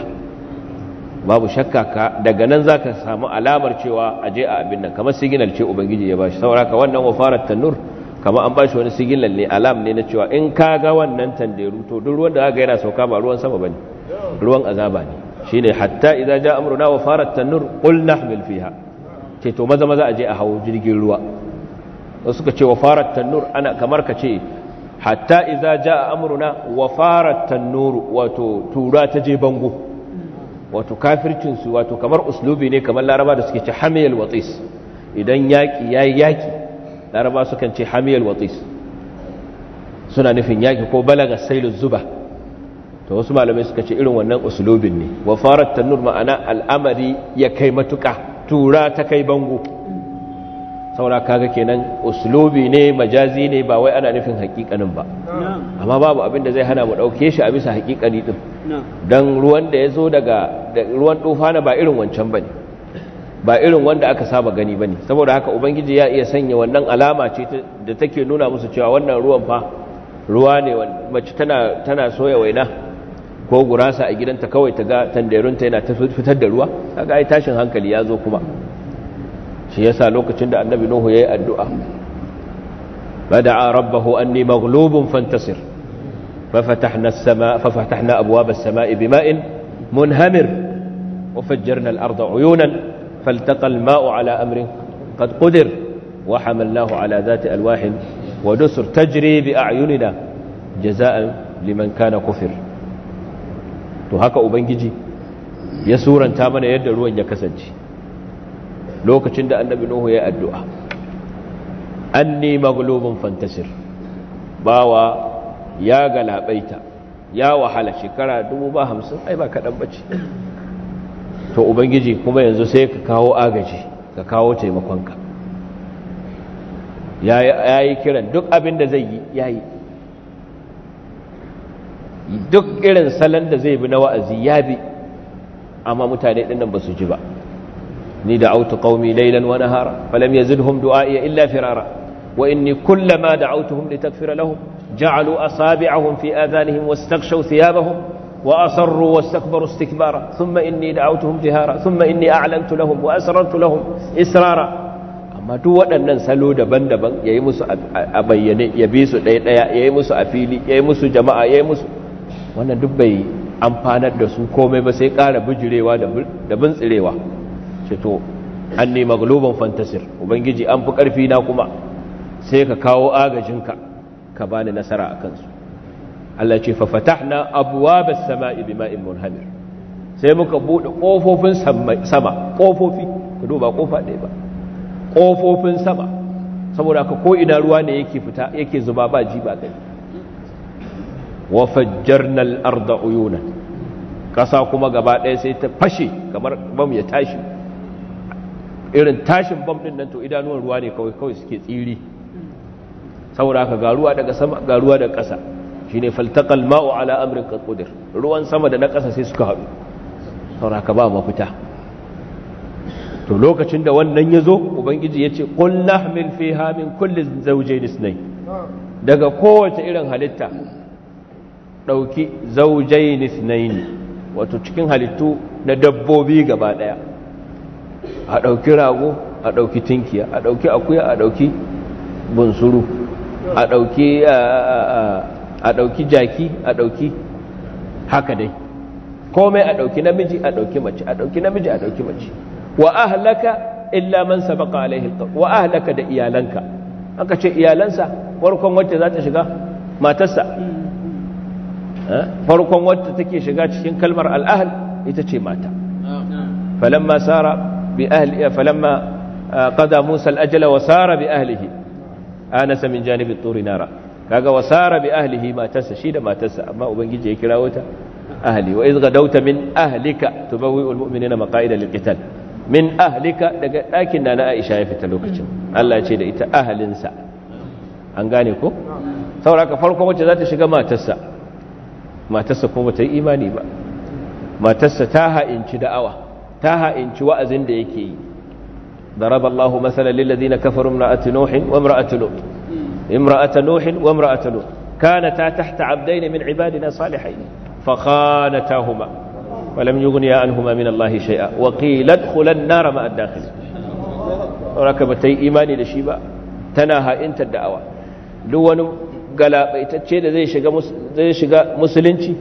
babu shakka ka daga nan za ka samu alamar cewa a je a abin nan kamar siginal ce ubangiji ya bashi sauraka wannan wa fara tanur kamar an bashi wani siginal ne alam ne na cewa in ka ga wannan tanderu to duk ruwan da za yana sauka ba ruwan sama ba ne ruwan azaba ne shine hatta idza jaa amruna wa farat tanur qul nahmil fiha ce to maza maza aje a hawo jirgin ruwa wasu suka ce wa farat tanur ana kamar ka ce hatta idza jaa amruna wa farat tanur wato tura ta je bango wato kafircin su wato kamar uslubi ne kamar laraba da suke ce hamiyal watis idan yaki yayi yaki laraba sukan ce hamiyal watis suna nufin yaki ko balaga sailu zuba to wasu malamai suka ce irin wannan uslubin ne wa farat tanur ma'ana al'amari ya kai matuka tura ta kai bango saura kaga kenan oslobi ne majazi ne ba wai ana nufin hakikanin ba amma babu abin da zai hana mu dauke shi a bisa hakikani din dan ruwan da yazo daga ruwan na ba irin wancan bane ba irin wanda aka saba gani bane saboda haka ubangiji ya iya sanya wannan alama ce da take nuna musu cewa wannan ruwan fa ruwa ne mace tana tana soya waina ko gurasa a gidanta kawai ta ga tanderunta yana ta fitar da ruwa kaga ai tashin hankali ya zo kuma shi yasa lokacin da annabi nuhu yayi addu'a bada'a rabbahu anni maghlubun fantasir ففتحنا السماء ففتحنا أبواب السماء بماء منهمر وفجرنا الأرض عيونا فالتقى الماء على أمر قد قدر وحملناه على ذات ألواح ودسر تجري بأعيننا جزاء لمن كان كفر to haka ubangiji ya suranta mana yadda ruwan ya kasance lokacin da annabi nuhu ya addu'a anni maglubun fantasir bawa ya galabaita ya wahala shekara dubu ai ba kadan bace to ubangiji kuma yanzu sai ka kawo agaji ka kawo taimakonka ya yi kiran duk abin da zai yi ya duk irin salon da zai bi na wa'azi ya bi amma mutane din nan ba su ji ba ni da autu qaumi laylan wa nahara falam yazidhum du'a'i illa firara wa inni kullama da'awtuhum li litaghfira lahum ja'alu asabi'ahum fi adhanihim wastaghshaw thiyabahum wa asarru wastakbaru istikbara thumma inni da'awtuhum jihara thumma inni a'lantu lahum wa asrartu lahum israra amma duk waɗannan salo daban-daban yayi musu a bayyane ya bi su ɗaya-ɗaya yayi musu a fili ya musu jama'a yayi musu wannan duk bai amfanar da su komai ba sai kara bujirewa da bintsirewa ce to an nema magloban fantasir ubangiji an fi karfi na kuma sai ka kawo agajinka ka ba ni nasara a kansu Allah ce fafatah na abuwa ba sama'i bi ma'in munhamir sai muka buɗe ƙofofin sama ƙofofi ka duba ƙofa ɗaya ba ƙofofin sama saboda ka ko ina ruwa ne yake yake zuba ba ji ba gani wa fajjarna al-arda uyunan ƙasa kuma gaba ɗaya sai ta fashe kamar bam ya tashi irin tashin bam ɗin nan to idanuwan ruwa ne kawai kawai suke tsiri saboda haka ga ruwa daga sama ga ruwa daga ƙasa shine faltaqal ma'u ala amrin qadir ruwan sama da na ƙasa sai suka haɗu saboda haka ba mafita to lokacin da wannan ya zo ubangiji ya ce qul nahmil fiha min kulli zawjayn isnay daga kowace irin halitta ɗauki zaujai thnaini wato cikin halittu na dabbobi gaba ɗaya a ɗauki rago a ɗauki tinkiya a ɗauki akuya a ɗauki bunsuru a ɗauki a ɗauki jaki a ɗauki haka dai komai a ɗauki namiji a ɗauki mace a ɗauki namiji a ɗauki mace wa ahlaka illa man sabaqa alaihi alqawl wa ahlaka da iyalanka aka ce iyalansa warkon wacce za ta shiga matarsa Eh? farkon wadda take shiga cikin kalmar al'ahal ita ce mata falamma sara bi ahli eh, falamma eh, qada musa al'ajala wa sara bi ahlihi anasa min janibi turi nara kaga wa sara bi ahlihi matarsa shi da matarsa amma ubangiji ya kirawo ta ahli wa idh gadawta min ahlika tubawwi'ul mu'minina maqa'ida lilqital min ahlika daga ɗakin da na Aisha ya fita lokacin Allah ya ce da ita ahlinsa. an gane ko saboda farkon wacce za ta shiga matarsa matarsa kuma ta yi imani ba matarsa ta ha'inci da'awa ta ha'inci wa'azin da yake yi ضرب الله مثلا للذين كفروا امرأة نوح وامرأة لوط امرأة نوح وامرأة لوط كانتا تحت عبدين من عبادنا صالحين فخانتاهما ولم يغنيا عنهما من الله شيئا وقيل ادخلا النار مع الداخلين وركبتي ايماني لشيبا تناها انت tana ha'intar galabaitacce da zai shiga zai shiga musulunci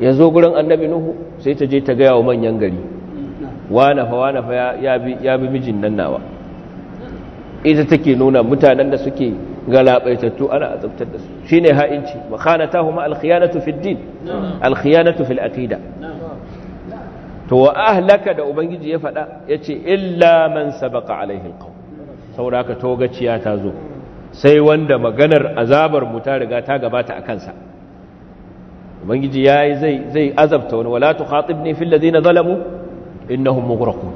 ya zo gurin annabi nuhu sai ta je ta gaya wa manyan gari wana fa wana fa ya bi ya bi mijin nan nawa ita take nuna mutanen da suke galabaitattu ana azabtar da su shine ha'inci wa khanatahuma al din al fil aqida to wa ahlaka da ubangiji ya faɗa yace illa man sabaqa alaihi al-qawl togaciya ta zo sai wanda maganar azabar mu ta riga ta gabata a kansa ubangiji ya yi zai azabta wani wala tukhatibni fil ladina zalamu innahum mughraqun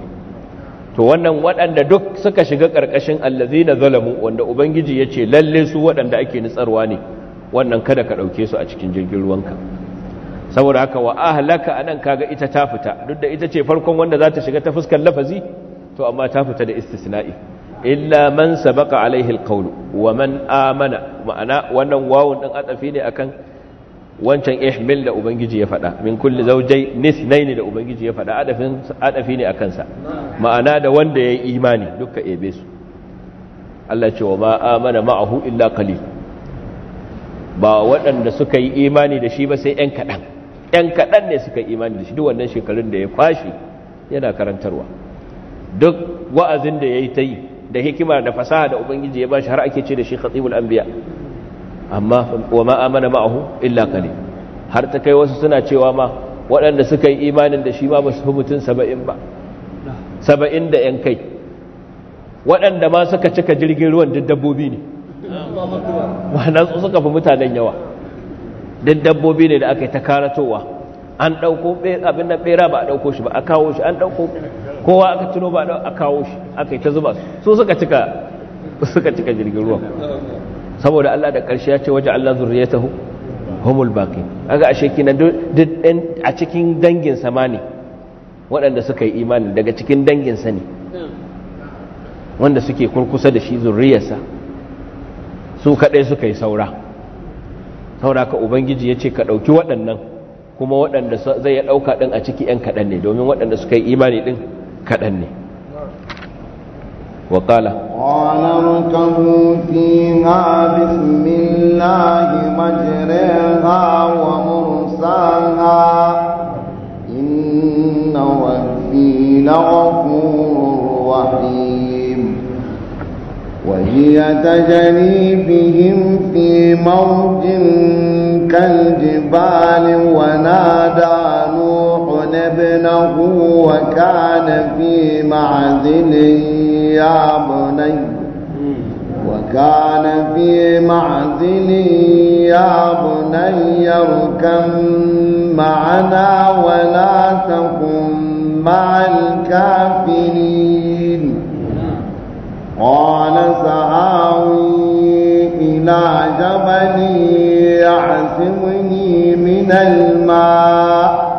to wannan waɗanda duk suka shiga ƙarƙashin allazina zalamu wanda ubangiji ya ce lalle su waɗanda ake nitsarwa ne wannan kada ka ɗauke su a cikin jirgin ruwanka saboda haka wa ahlaka nan kaga ita ta fita duk da ita ce farkon wanda za ta shiga ta fuskar lafazi to amma ta fita da istisna'i illa man sabaqa alaihi alqawlu wa man amana ma'ana wannan wawun din atafi ne akan wancan ihmil da ubangiji ya faɗa min kulli zaujai nisnaini da ubangiji ya faɗa adafin adafi ne akan sa ma'ana da wanda yayi imani duka ebe su Allah ce wa ma amana ma'ahu illa qalil ba waɗanda suka yi imani da shi ba sai ƴan kaɗan ƴan kaɗan ne suka yi imani da shi duk wannan shekarun da ya kwashi yana karantarwa duk wa'azin da ya yi ta yi da hikima da fasaha da ubangiji ya bashi har ake ce da shi khatibul anbiya amma wa ma amana ma'ahu illa qalil har ta kai wasu suna cewa ma waɗanda suka yi imanin da shi ma ba su fi mutum saba'in ba saba'in da yan kai waɗanda ma suka cika jirgin ruwan duk dabbobi ne ma'ana su suka fi mutanen yawa duk dabbobi ne da aka yi ta karatowa an ɗauko abin da ɓera ba a ɗauko shi ba a kawo shi an ɗauko kowa aka tuno ba a kawo shi aka yi ta zuba su suka cika suka cika jirgin ruwan saboda Allah da ƙarshe ya ce waje Allah tahu, humul baki. Aka ashe kina a cikin dangin sama ne waɗanda suka yi imani daga cikin dangin sani. wanda suke kurkusa da shi zurriyarsa su kadai suka yi saura saura ka ubangiji ya ce ka ɗauki waɗannan kuma waɗanda zai ya ɗauka ɗin a ciki ‘yan kaɗan ne domin waɗanda suka yi imani ɗin kaɗan ne وقال قال اركبوا فيها بسم الله مجريها ومرساها إن ربي لغفور رحيم وهي تجري بهم في موج كالجبال ونادى نوح ابنه وكان في معزل يا بني وكان في معزل يا بني اركب معنا ولا تقم مع الكافرين قال سآوي إلى جبل يعصمني من الماء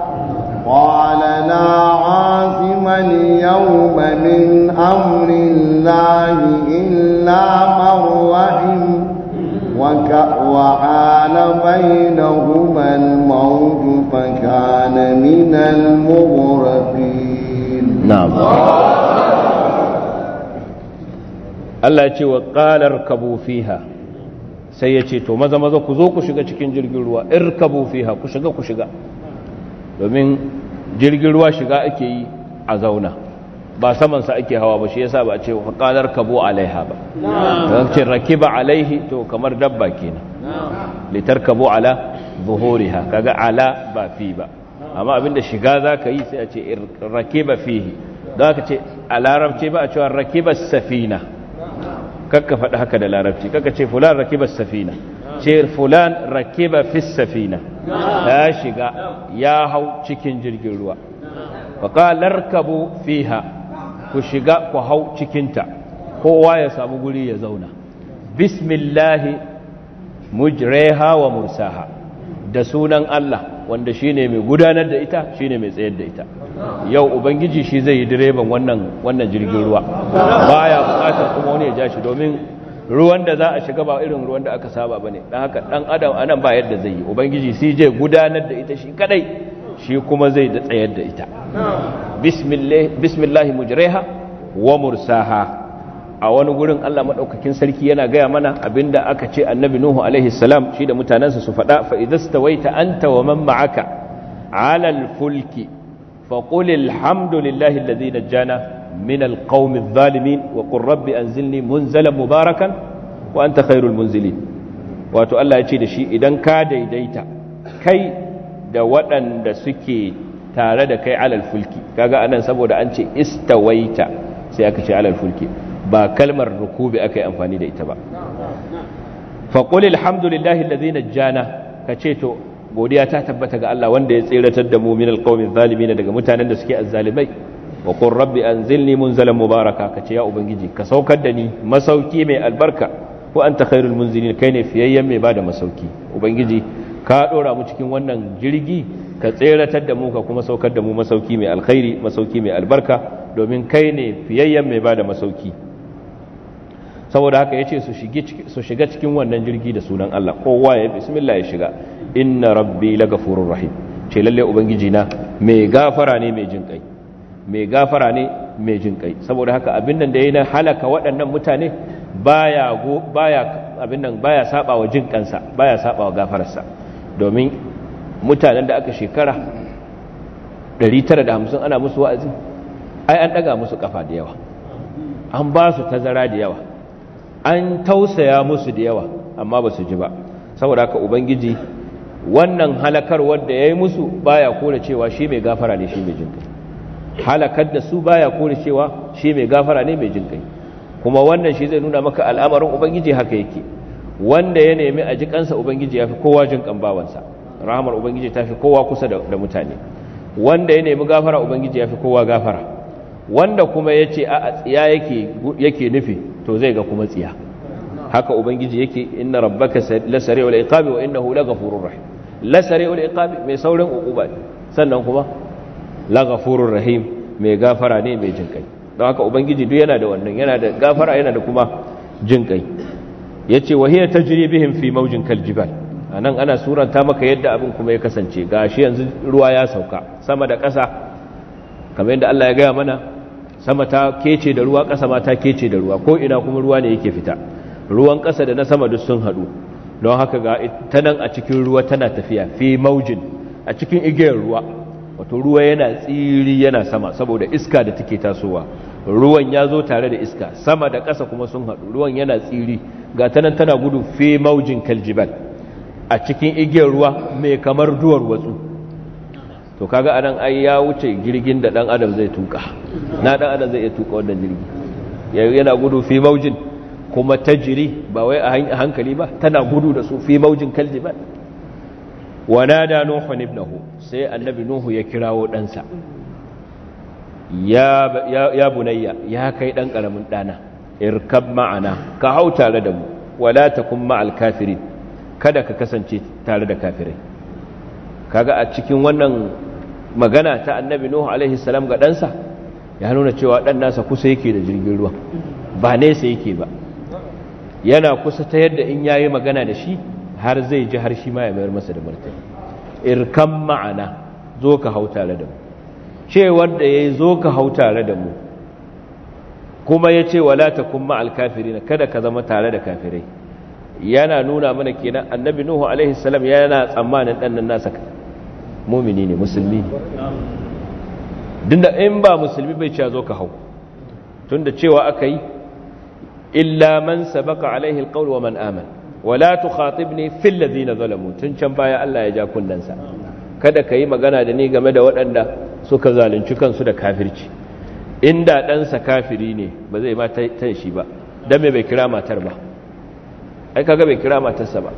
المغرقين نعم Allah ya ce wa ƙalar kabo fiha sai ya to maza maza ku zo ku shiga cikin jirgin ruwa ir kabo fiha ku shiga ku shiga domin jirgin ruwa shiga ake yi a zauna ba samansa ake hawa ba shi yasa ba a ce wa ƙalar kabo alaiha ba don ce rakiba alaihi to kamar dabba kenan litar kabo ala zuhuriha kaga ala ba fi ba amma abinda shiga za ka yi sai a ce rakiba fihi don haka ce a larabci ba a cewa rakiba safina kakka faɗi haka da larabci kakka ce fulan rakiba safina ce fulan rakiba fi safina ya shiga ya hau cikin jirgin ruwa faƙa larkabu fiha ku shiga ku hau cikinta kowa ya samu guri ya zauna bismillahi mujreha wa mursaha da sunan Allah wanda shine mai gudanar da ita shine mai tsayar da ita yau ubangiji shi zai yi direban wannan wannan jirgin ruwa Ba baya bukatar kuma wani ya ja shi domin ruwan da za a shiga ba irin ruwan da aka saba ba ne. dan haka dan adam anan ba yadda zai yi ubangiji shi zai gudanar da ita shi kadai shi kuma zai da tsayar da ita bismillah bismillah wa mursaha a wani gurin Allah maɗaukakin sarki yana gaya mana abinda aka ce annabi nuhu alaihi salam shi da mutanansa su faɗa fa idastawaita anta wa man ma'aka fulki fa qul alhamdulillahi alladhi najjana min al-qaumi adh-dhalimin wa qur rabbi anzilni mubarakan wa anta khairul munzilin wato Allah ya ce da shi idan ka daidaita kai da waɗanda suke tare da kai alal fulki kaga anan saboda an ce istawaita sai aka ce alal fulki ba kalmar rukubi aka yi amfani da ita ba faƙul alhamdulillahi allazi jana ka ce to godiya ta tabbata ga Allah wanda ya tseratar da mu min zalimi na daga mutanen da suke azzalimai wa qur rabbi mun munzalan mubaraka ka ce ya ubangiji ka saukar da ni masauki mai albarka an anta khairul munzilin kai ne fiyayyen mai bada masauki ubangiji ka ɗora mu cikin wannan jirgi ka tseratar da mu ka kuma saukar da mu masauki mai alkhairi masauki mai albarka domin kai ne fiyayyen mai bada masauki saboda haka ya su su shiga cikin wannan jirgi da sunan Allah kowa ya bismillah ya shiga inna rabbi lagafurur rahim ce lalle ubangiji na mai gafara ne mai jin kai mai gafara ne mai jin kai saboda haka abin nan da yayin halaka waɗannan mutane baya go baya abin nan baya sabawa jin kansa baya sabawa gafararsa domin mutanen da aka shekara 950 ana musu wa'azi ai an daga musu kafa da yawa an ba su tazara da yawa an tausaya musu da yawa amma ba su ji ba saboda haka ubangiji wannan halakar wanda ya yi musu baya kore cewa shi mai gafara ne shi mai jinkai halakar da su baya kore cewa shi mai gafara ne mai jinkai kuma wannan shi zai nuna maka al'amarin ubangiji haka yake wanda ya nemi a jikansa ubangiji ya fi kowa jinkan bawansa rahamar ubangiji ta fi kowa kusa da mutane wanda ya nemi gafara ubangiji ya fi kowa gafara wanda kuma ya ce a tsiya yake nufi to zai ga kuma tsiya haka ubangiji yake inna rabbaka sari'ul iqabi wa innahu laghafurur rahim sari'ul iqabi mai saurin uquba sannan kuma laghafurur rahim mai gafara ne mai jinkai don haka ubangiji duk yana da wannan yana da gafara yana da kuma jinkai yace wa hiya tajri bihim fi mawjin kaljibal anan ana suranta maka yadda abin kuma ya kasance gashi yanzu ruwa ya sauka sama da ƙasa kamar yadda Allah ya gaya mana sama ta kece da ruwa ƙasa ma ta kece da ruwa ko ina kuma ruwa ne yake fita ruwan ƙasa da na sama duk sun haɗu don haka ga ta nan a cikin ruwa tana tafiya fi maujin a cikin igiyar ruwa wato ruwa yana tsiri yana sama saboda iska da take tasowa ruwan ya zo tare da iska sama da ƙasa kuma sun haɗu ruwan yana tsiri ga ta nan tana gudu fi maujin kaljibal a cikin igiyar ruwa mai kamar duwar watsu to kaga anan ai ya wuce jirgin da dan adam zai tuka na dan adam zai iya tuka wannan jirgi yana gudu fi maujin kuma tajri ba wai a hankali ba tana gudu da su fi maujin kaljiban wanada nuhu ibnahu sai annabi nuhu ya kirawo ɗansa ya ya bunayya ya kai dan karamin dana irkab ma'ana ka hau tare da mu wala takun ma'al kafirin kada ka kasance tare da kafirai kaga a cikin wannan magana ta annabi nuhu alaihi salam ga ɗansa ya nuna cewa ɗan nasa kusa yake da jirgin ruwa ba nesa yake ba yana kusa ta yadda in yayi magana da shi har zai ji har shi ma ya bayar masa da martani irkan ma'ana zo ka hau tare da mu cewar da yi zo ka hau tare da mu kuma ya ce wala kuma ma'al na kada ka zama tare da kafirai yana nuna mana kenan annabi nuhu alaihi salam yana tsammanin ɗan nasa mumini ne musulmi ne da in ba musulmi bai ce zo ka hau tunda cewa aka yi illa man sabaka alaihi alqawl wa man aman wala tukhatibni fil ladina zalamu tun can baya Allah ya ja kullansa kada ka yi magana da ni game da waɗanda suka zalunci kansu da kafirci inda ɗansa kafiri ne ba zai ma ta shi ba dan me bai kira matar ba ai kaga bai kira matarsa ba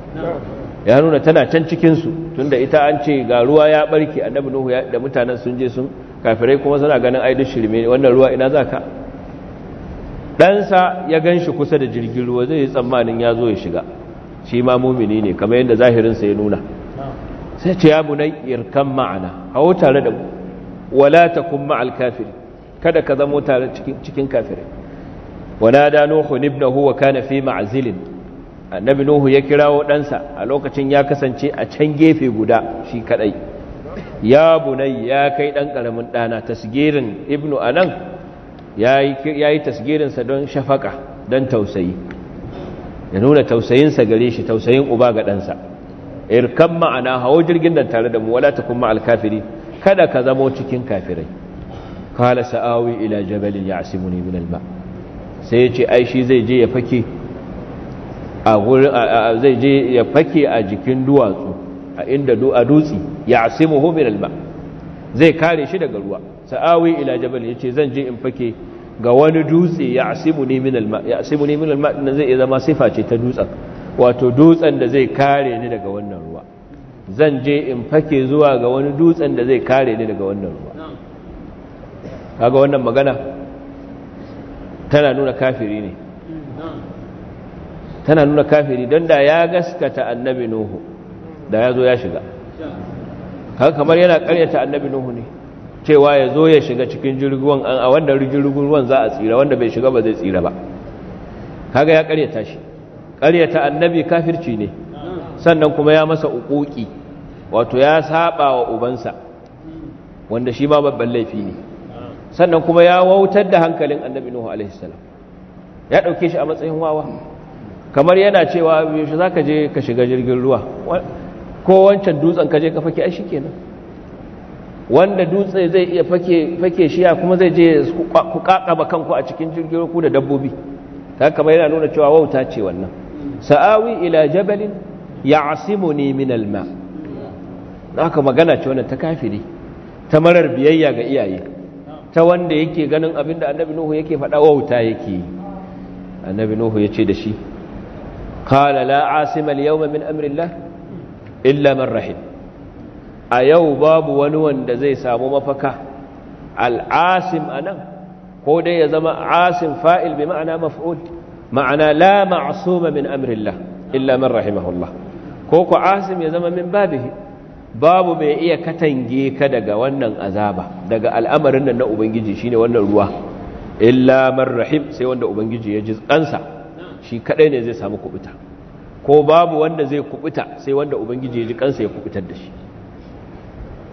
ya nuna tana can cikinsu tunda ita an ce ga ruwa ya barke annabi nuhu da mutanen sun je sun kafirai kuma suna ganin aidin shirme wannan ruwa ina za ka ɗansa ya ganshi kusa da jirgin ruwa zai yi tsammanin ya zo ya shiga shi ma mumini ne kamar yadda zahirinsa ya nuna sai ce ya bunai irkan ma'ana hawo tare da wala takun ma'al kafiri kada ka zamo tare cikin kafirai wana da nuhu ibnahu wa kana fi ma'azilin annabi nuhu ya kirawo ɗansa a lokacin ya kasance a can gefe guda shi kaɗai. ya bunai ya kai ɗan ƙaramin ɗana tasgirin ibnu anan ya yi tasgirinsa don shafaka don tausayi ya nuna tausayinsa gare shi tausayin uba ga ɗansa irkan ma'ana hawo jirgin da tare da mu wala ta kuma alkafiri kada ka zamo cikin kafirai kala sa'awi ila jabalin ya asimuni min alba sai ya ce ai shi zai je ya fake a gurin zai je ya fake a jikin duwatsu a inda a dutsi ya asimu homin alba zai kare shi daga ruwa sa'awi ila jabal ya ce zan je in fake ga wani dutse ya asimu ne min alma ya asimu ne min alma ɗin zai zama sifa ce ta dutsen wato dutsen da zai kare ni daga wannan ruwa zan je in fake zuwa ga wani dutsen da zai kare ni daga wannan ruwa kaga wannan magana tana nuna kafiri ne tana nuna kafiri don da ya gaskata annabi nuhu da ya zo ya shiga kamar yana karyata annabi nuhu ne cewa ya zo ya shiga cikin jirgin a wanda jirgin ruwan za a tsira wanda bai shiga ba zai tsira ba kaga ya karyata shi karyata annabi kafirci ne sannan kuma ya masa uquqi wato ya saba wa ubansa wanda shi ma babban laifi ne sannan kuma ya wautar da hankalin annabi nuhu alaihi salam ya dauke shi a matsayin wawa kamar yana cewa yaushe za ka je ka shiga jirgin ruwa ko wancan dutsen ka je ka fake ke nan wanda dutse zai iya fake shiya kuma zai je ku kakaba kanku a cikin jirgin ruwa da dabbobi ta kamar yana nuna cewa wauta ce wannan sa'awi ila jabalin ne min alma haka magana ce wannan ta kafiri ta marar biyayya ga iyaye ta wanda yake ganin abin da annabi nuhu yake fada wauta yake yi annabi nuhu ya ce da shi qala la asima al-yawma min amrillah illa man rahim a yau babu wani wanda zai samu mafaka al-asim anan ko dai ya zama asim fa'il bi ma'ana maf'ul ma'ana la ma'suma min amrillah illa man rahimahullah ko ku asim ya zama min babihi babu mai iya katange ka daga wannan azaba daga al'amarin na ubangiji shine wannan ruwa illa man rahim sai wanda ubangiji ya ji kansa shi kaɗai ne zai samu kubuta ko babu wanda zai kubuta sai wanda ubangiji ya ji kansa ya kubutar da shi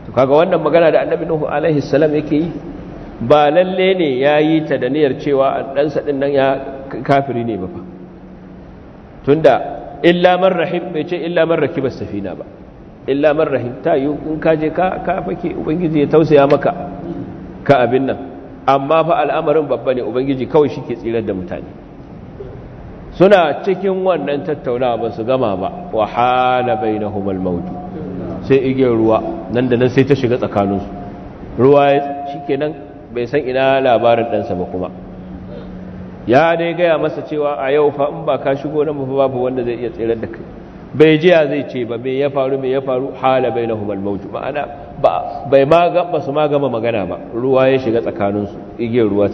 to kaga wannan magana da annabi nuhu alaihi salam yake yi ba lalle ne yayi ta da niyyar cewa dan sa din nan ya kafiri ne ba fa tunda illa man rahim bai ce illa man rakiba safina ba illa man rahim ta yi in ka je ka ka fake ubangiji ya tausaya maka ka abin nan amma fa al'amarin babba ne ubangiji kawai shi ke tsirar da mutane suna cikin wannan tattaunawa ba su gama ba wa hala na al-maut sai igiyar ruwa nan da nan sai ta shiga tsakaninsu ruwa shikenan bai san ina labarin ɗansa ba kuma ya dai gaya masa cewa a yau fa in ba ka shigo nan ba babu wanda zai iya tsirar da kai bai jiya zai ce ba me ya faru me ya faru hala na al-maut ma'ana ba bai ma ga ba su ma gama magana ba ruwa ya shiga tsakaninsu igiyar ruwa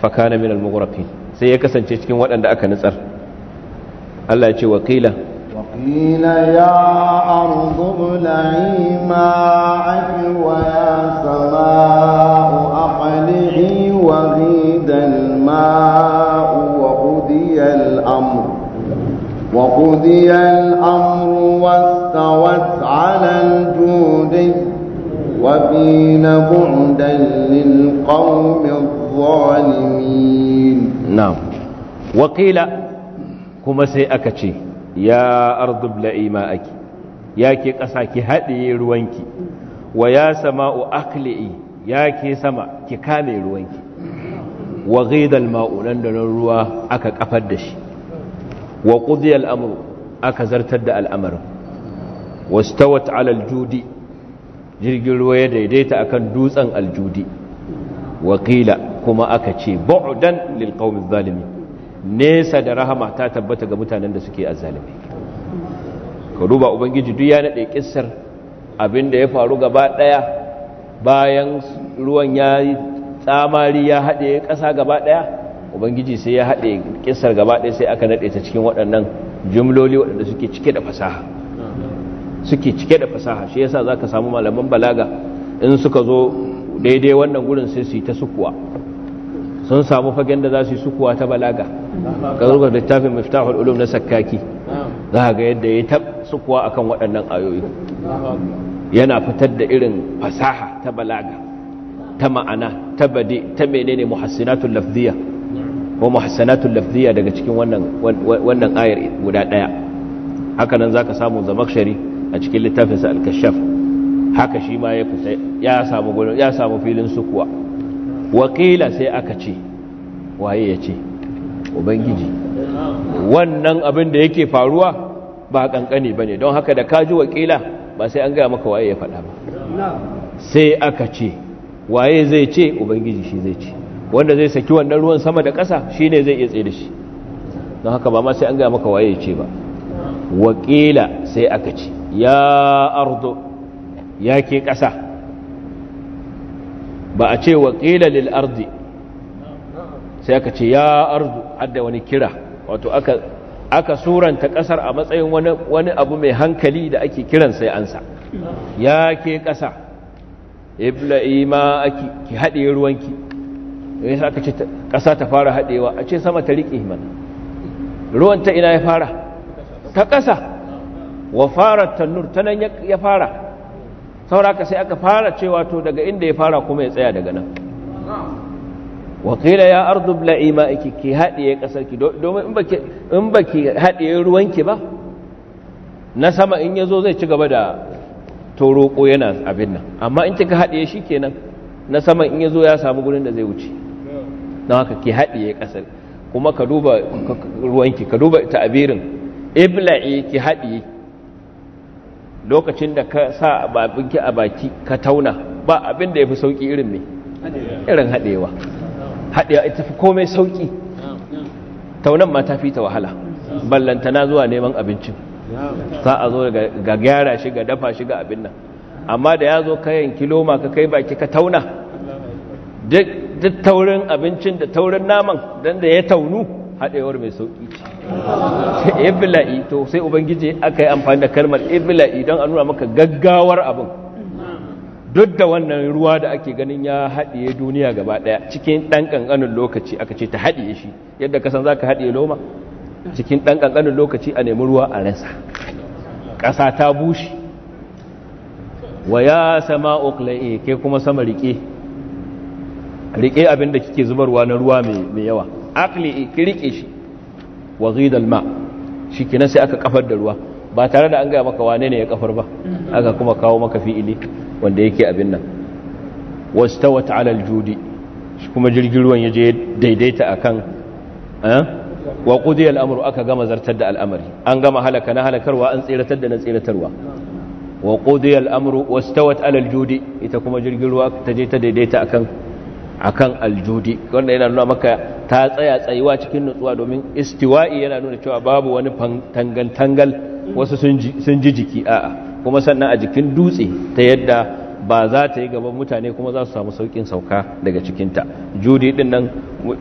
fa kana min al-mughraqin sai ya kasance cikin waɗanda aka nutsar Allah ya ce wakila wakila ya arzu bula'i ma'aki wa ya sama'u aqli'i wa ghidal ma'u wa qudiya al-amr wa qudiya al-amr wastawat 'ala al-judi وقيل بعدا للقوم الظالمين na'am wakila kuma sai aka ce ya ardub la'ima ma'aki ya ke ƙasa ki haɗiye ruwanki wa ya u akli'i ya ke sama ki kame ruwanki wa ghaidal ma'u nan da nan ruwa aka kafar da shi wa qudiya al'amru aka zartar da al'amarin wastawat 'ala al jirgin ruwa ya daidaita akan dutsen aljudi wakila kuma aka ce bu'dan lil qaumi zalimi nesa da rahama ta tabbata ga mutanen da suke azzalimi ka duba ubangiji duk ya nade kissar abinda ya faru gaba daya bayan ruwan ya tsamari ya hade kasa gaba daya ubangiji sai ya hade kissar gaba daya sai aka nade ta cikin waɗannan jumloli waɗanda suke cike da fasaha suke cike da fasaha shi yasa zaka samu malaman balaga in suka zo daidai wannan gurin sai su yi ta sukuwa sun samu fagen da za su yi sukuwa ta balaga ƙarfar littafin miftahul ulum na sakkaki za ga yadda ya tab sukuwa akan waɗannan ayoyi yana fitar da irin fasaha ta balaga ta ma'ana ta bade ta menene muhassinatul lafziya ko muhassanatul lafziya daga cikin wannan wannan ayar guda ɗaya? haka nan ka samu zamakshari a cikin littafinsa Alkashaf? haka shi ma ya kusa ya samu filin sukuwa waƙila sai aka ce waye ya ce ubangiji wannan abin da yake faruwa ba ƙanƙani ba ne don haka da kaji waƙila ba sai an gaya maka waye ya faɗa ba sai aka ce waye zai ce ubangiji shi zai ce wanda zai saki wannan ruwan sama da ƙasa shi ne zai iya tsaye da shi don haka ba ma sai an gaya maka waye ya ce ba waƙila sai aka ce ya ardo ya ke ƙasa ba a ce waƙila lil ardi sai aka ce ya ardu hadda wani kira wato aka aka suranta ƙasar a matsayin wani wani abu mai hankali da ake kiran sai ansa ya ke ƙasa ibla'i ma aki ki haɗe ruwanki Ya sai aka ce ƙasa ta fara haɗewa a ce sama ta riƙe mana ruwan ta ina ya fara ta ƙasa wa fara tannur ta nan ya fara sauraka sai aka fara cewa to daga inda ya fara kuma ya tsaya daga nan wakila ya ardu bla'i ma'aiki ki haɗiye ƙasarki domin in ba ki haɗiye ruwanki ba na sama in ya zo zai ci gaba da toroko yana abin nan amma in kika haɗiye shi kenan na sama in ya zo ya samu gurin da zai wuce don haka ki haɗiye ƙasar kuma ka duba ruwanki ka duba ta'abirin ibla'i ki haɗiye lokacin da ka sa abinki a baki ka tauna ba abin da ya fi sauƙi irin ne irin haɗewa haɗewa ita fi komai sauki. taunan ma ta fi ta wahala ballantana zuwa neman abincin za a zo ga gyara shi ga dafa shi ga abin nan amma da ya zo kayan kiloma ka kai baki ka tauna duk taurin abincin da taurin naman don da ya taunu haɗewar mai sauƙi ce ibla'i to sai ubangiji aka yi amfani da kalmar ibla'i don a nuna maka gaggawar abin duk da wannan ruwa da ake ganin ya haɗiye duniya gaba ɗaya cikin ɗan ƙanƙanin lokaci aka ce ta haɗiye shi yadda ka san za ka haɗiye loma cikin ɗan ƙanƙanin lokaci a nemi ruwa a rasa ƙasa ta bushe wa ya sama ukla'i ke kuma sama riƙe riƙe abin kike zubarwa na ruwa mai yawa aqli ki rike shi wa ghida alma shikenan sai aka kafar da ruwa ba tare da an ga maka wane ne ya kafar ba aka kuma kawo maka fi'ili wanda yake abin nan wastawat ala aljudi kuma jirgin ruwan yaje daidaita akan eh wa qudiya al'amru aka gama zartar da al'amari an gama halaka na halakarwa an tsiratar da na tsiratarwa wa qudiya al'amru wastawat ala aljudi ita kuma jirgin ruwa ta je ta daidaita akan akan aljudi wanda yana nuna maka ta tsaya tsayuwa cikin nutsuwa domin istiwa'i yana nuna cewa babu wani tangal-tangal wasu sun ji jiki a'a kuma sannan a jikin dutse ta yadda ba za ta yi gaban mutane kuma za su samu saukin sauka daga cikinta judi din nan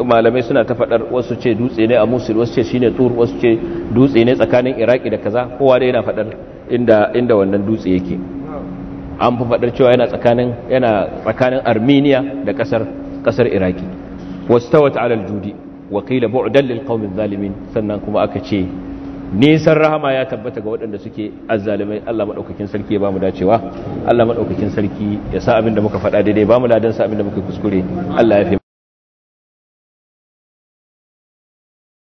malamai suna ta faɗar wasu ce dutse ne a musul wasu ce shine tur wasu ce dutse ne tsakanin iraki da kaza kowa dai yana faɗar inda wannan dutse yake an fi faɗar cewa yana tsakanin yana armenia da ƙasar ƙasar iraki wastawat ala aljudi wa qila bu'dan lil qaumiz zalimin sannan kuma aka ce nisan rahama ya tabbata ga waɗanda suke azzalimai Allah madaukakin sarki ya bamu dacewa Allah madaukakin sarki ya sa abin da muka faɗa daidai bamu ladan sa abin da muka kuskure Allah ya fi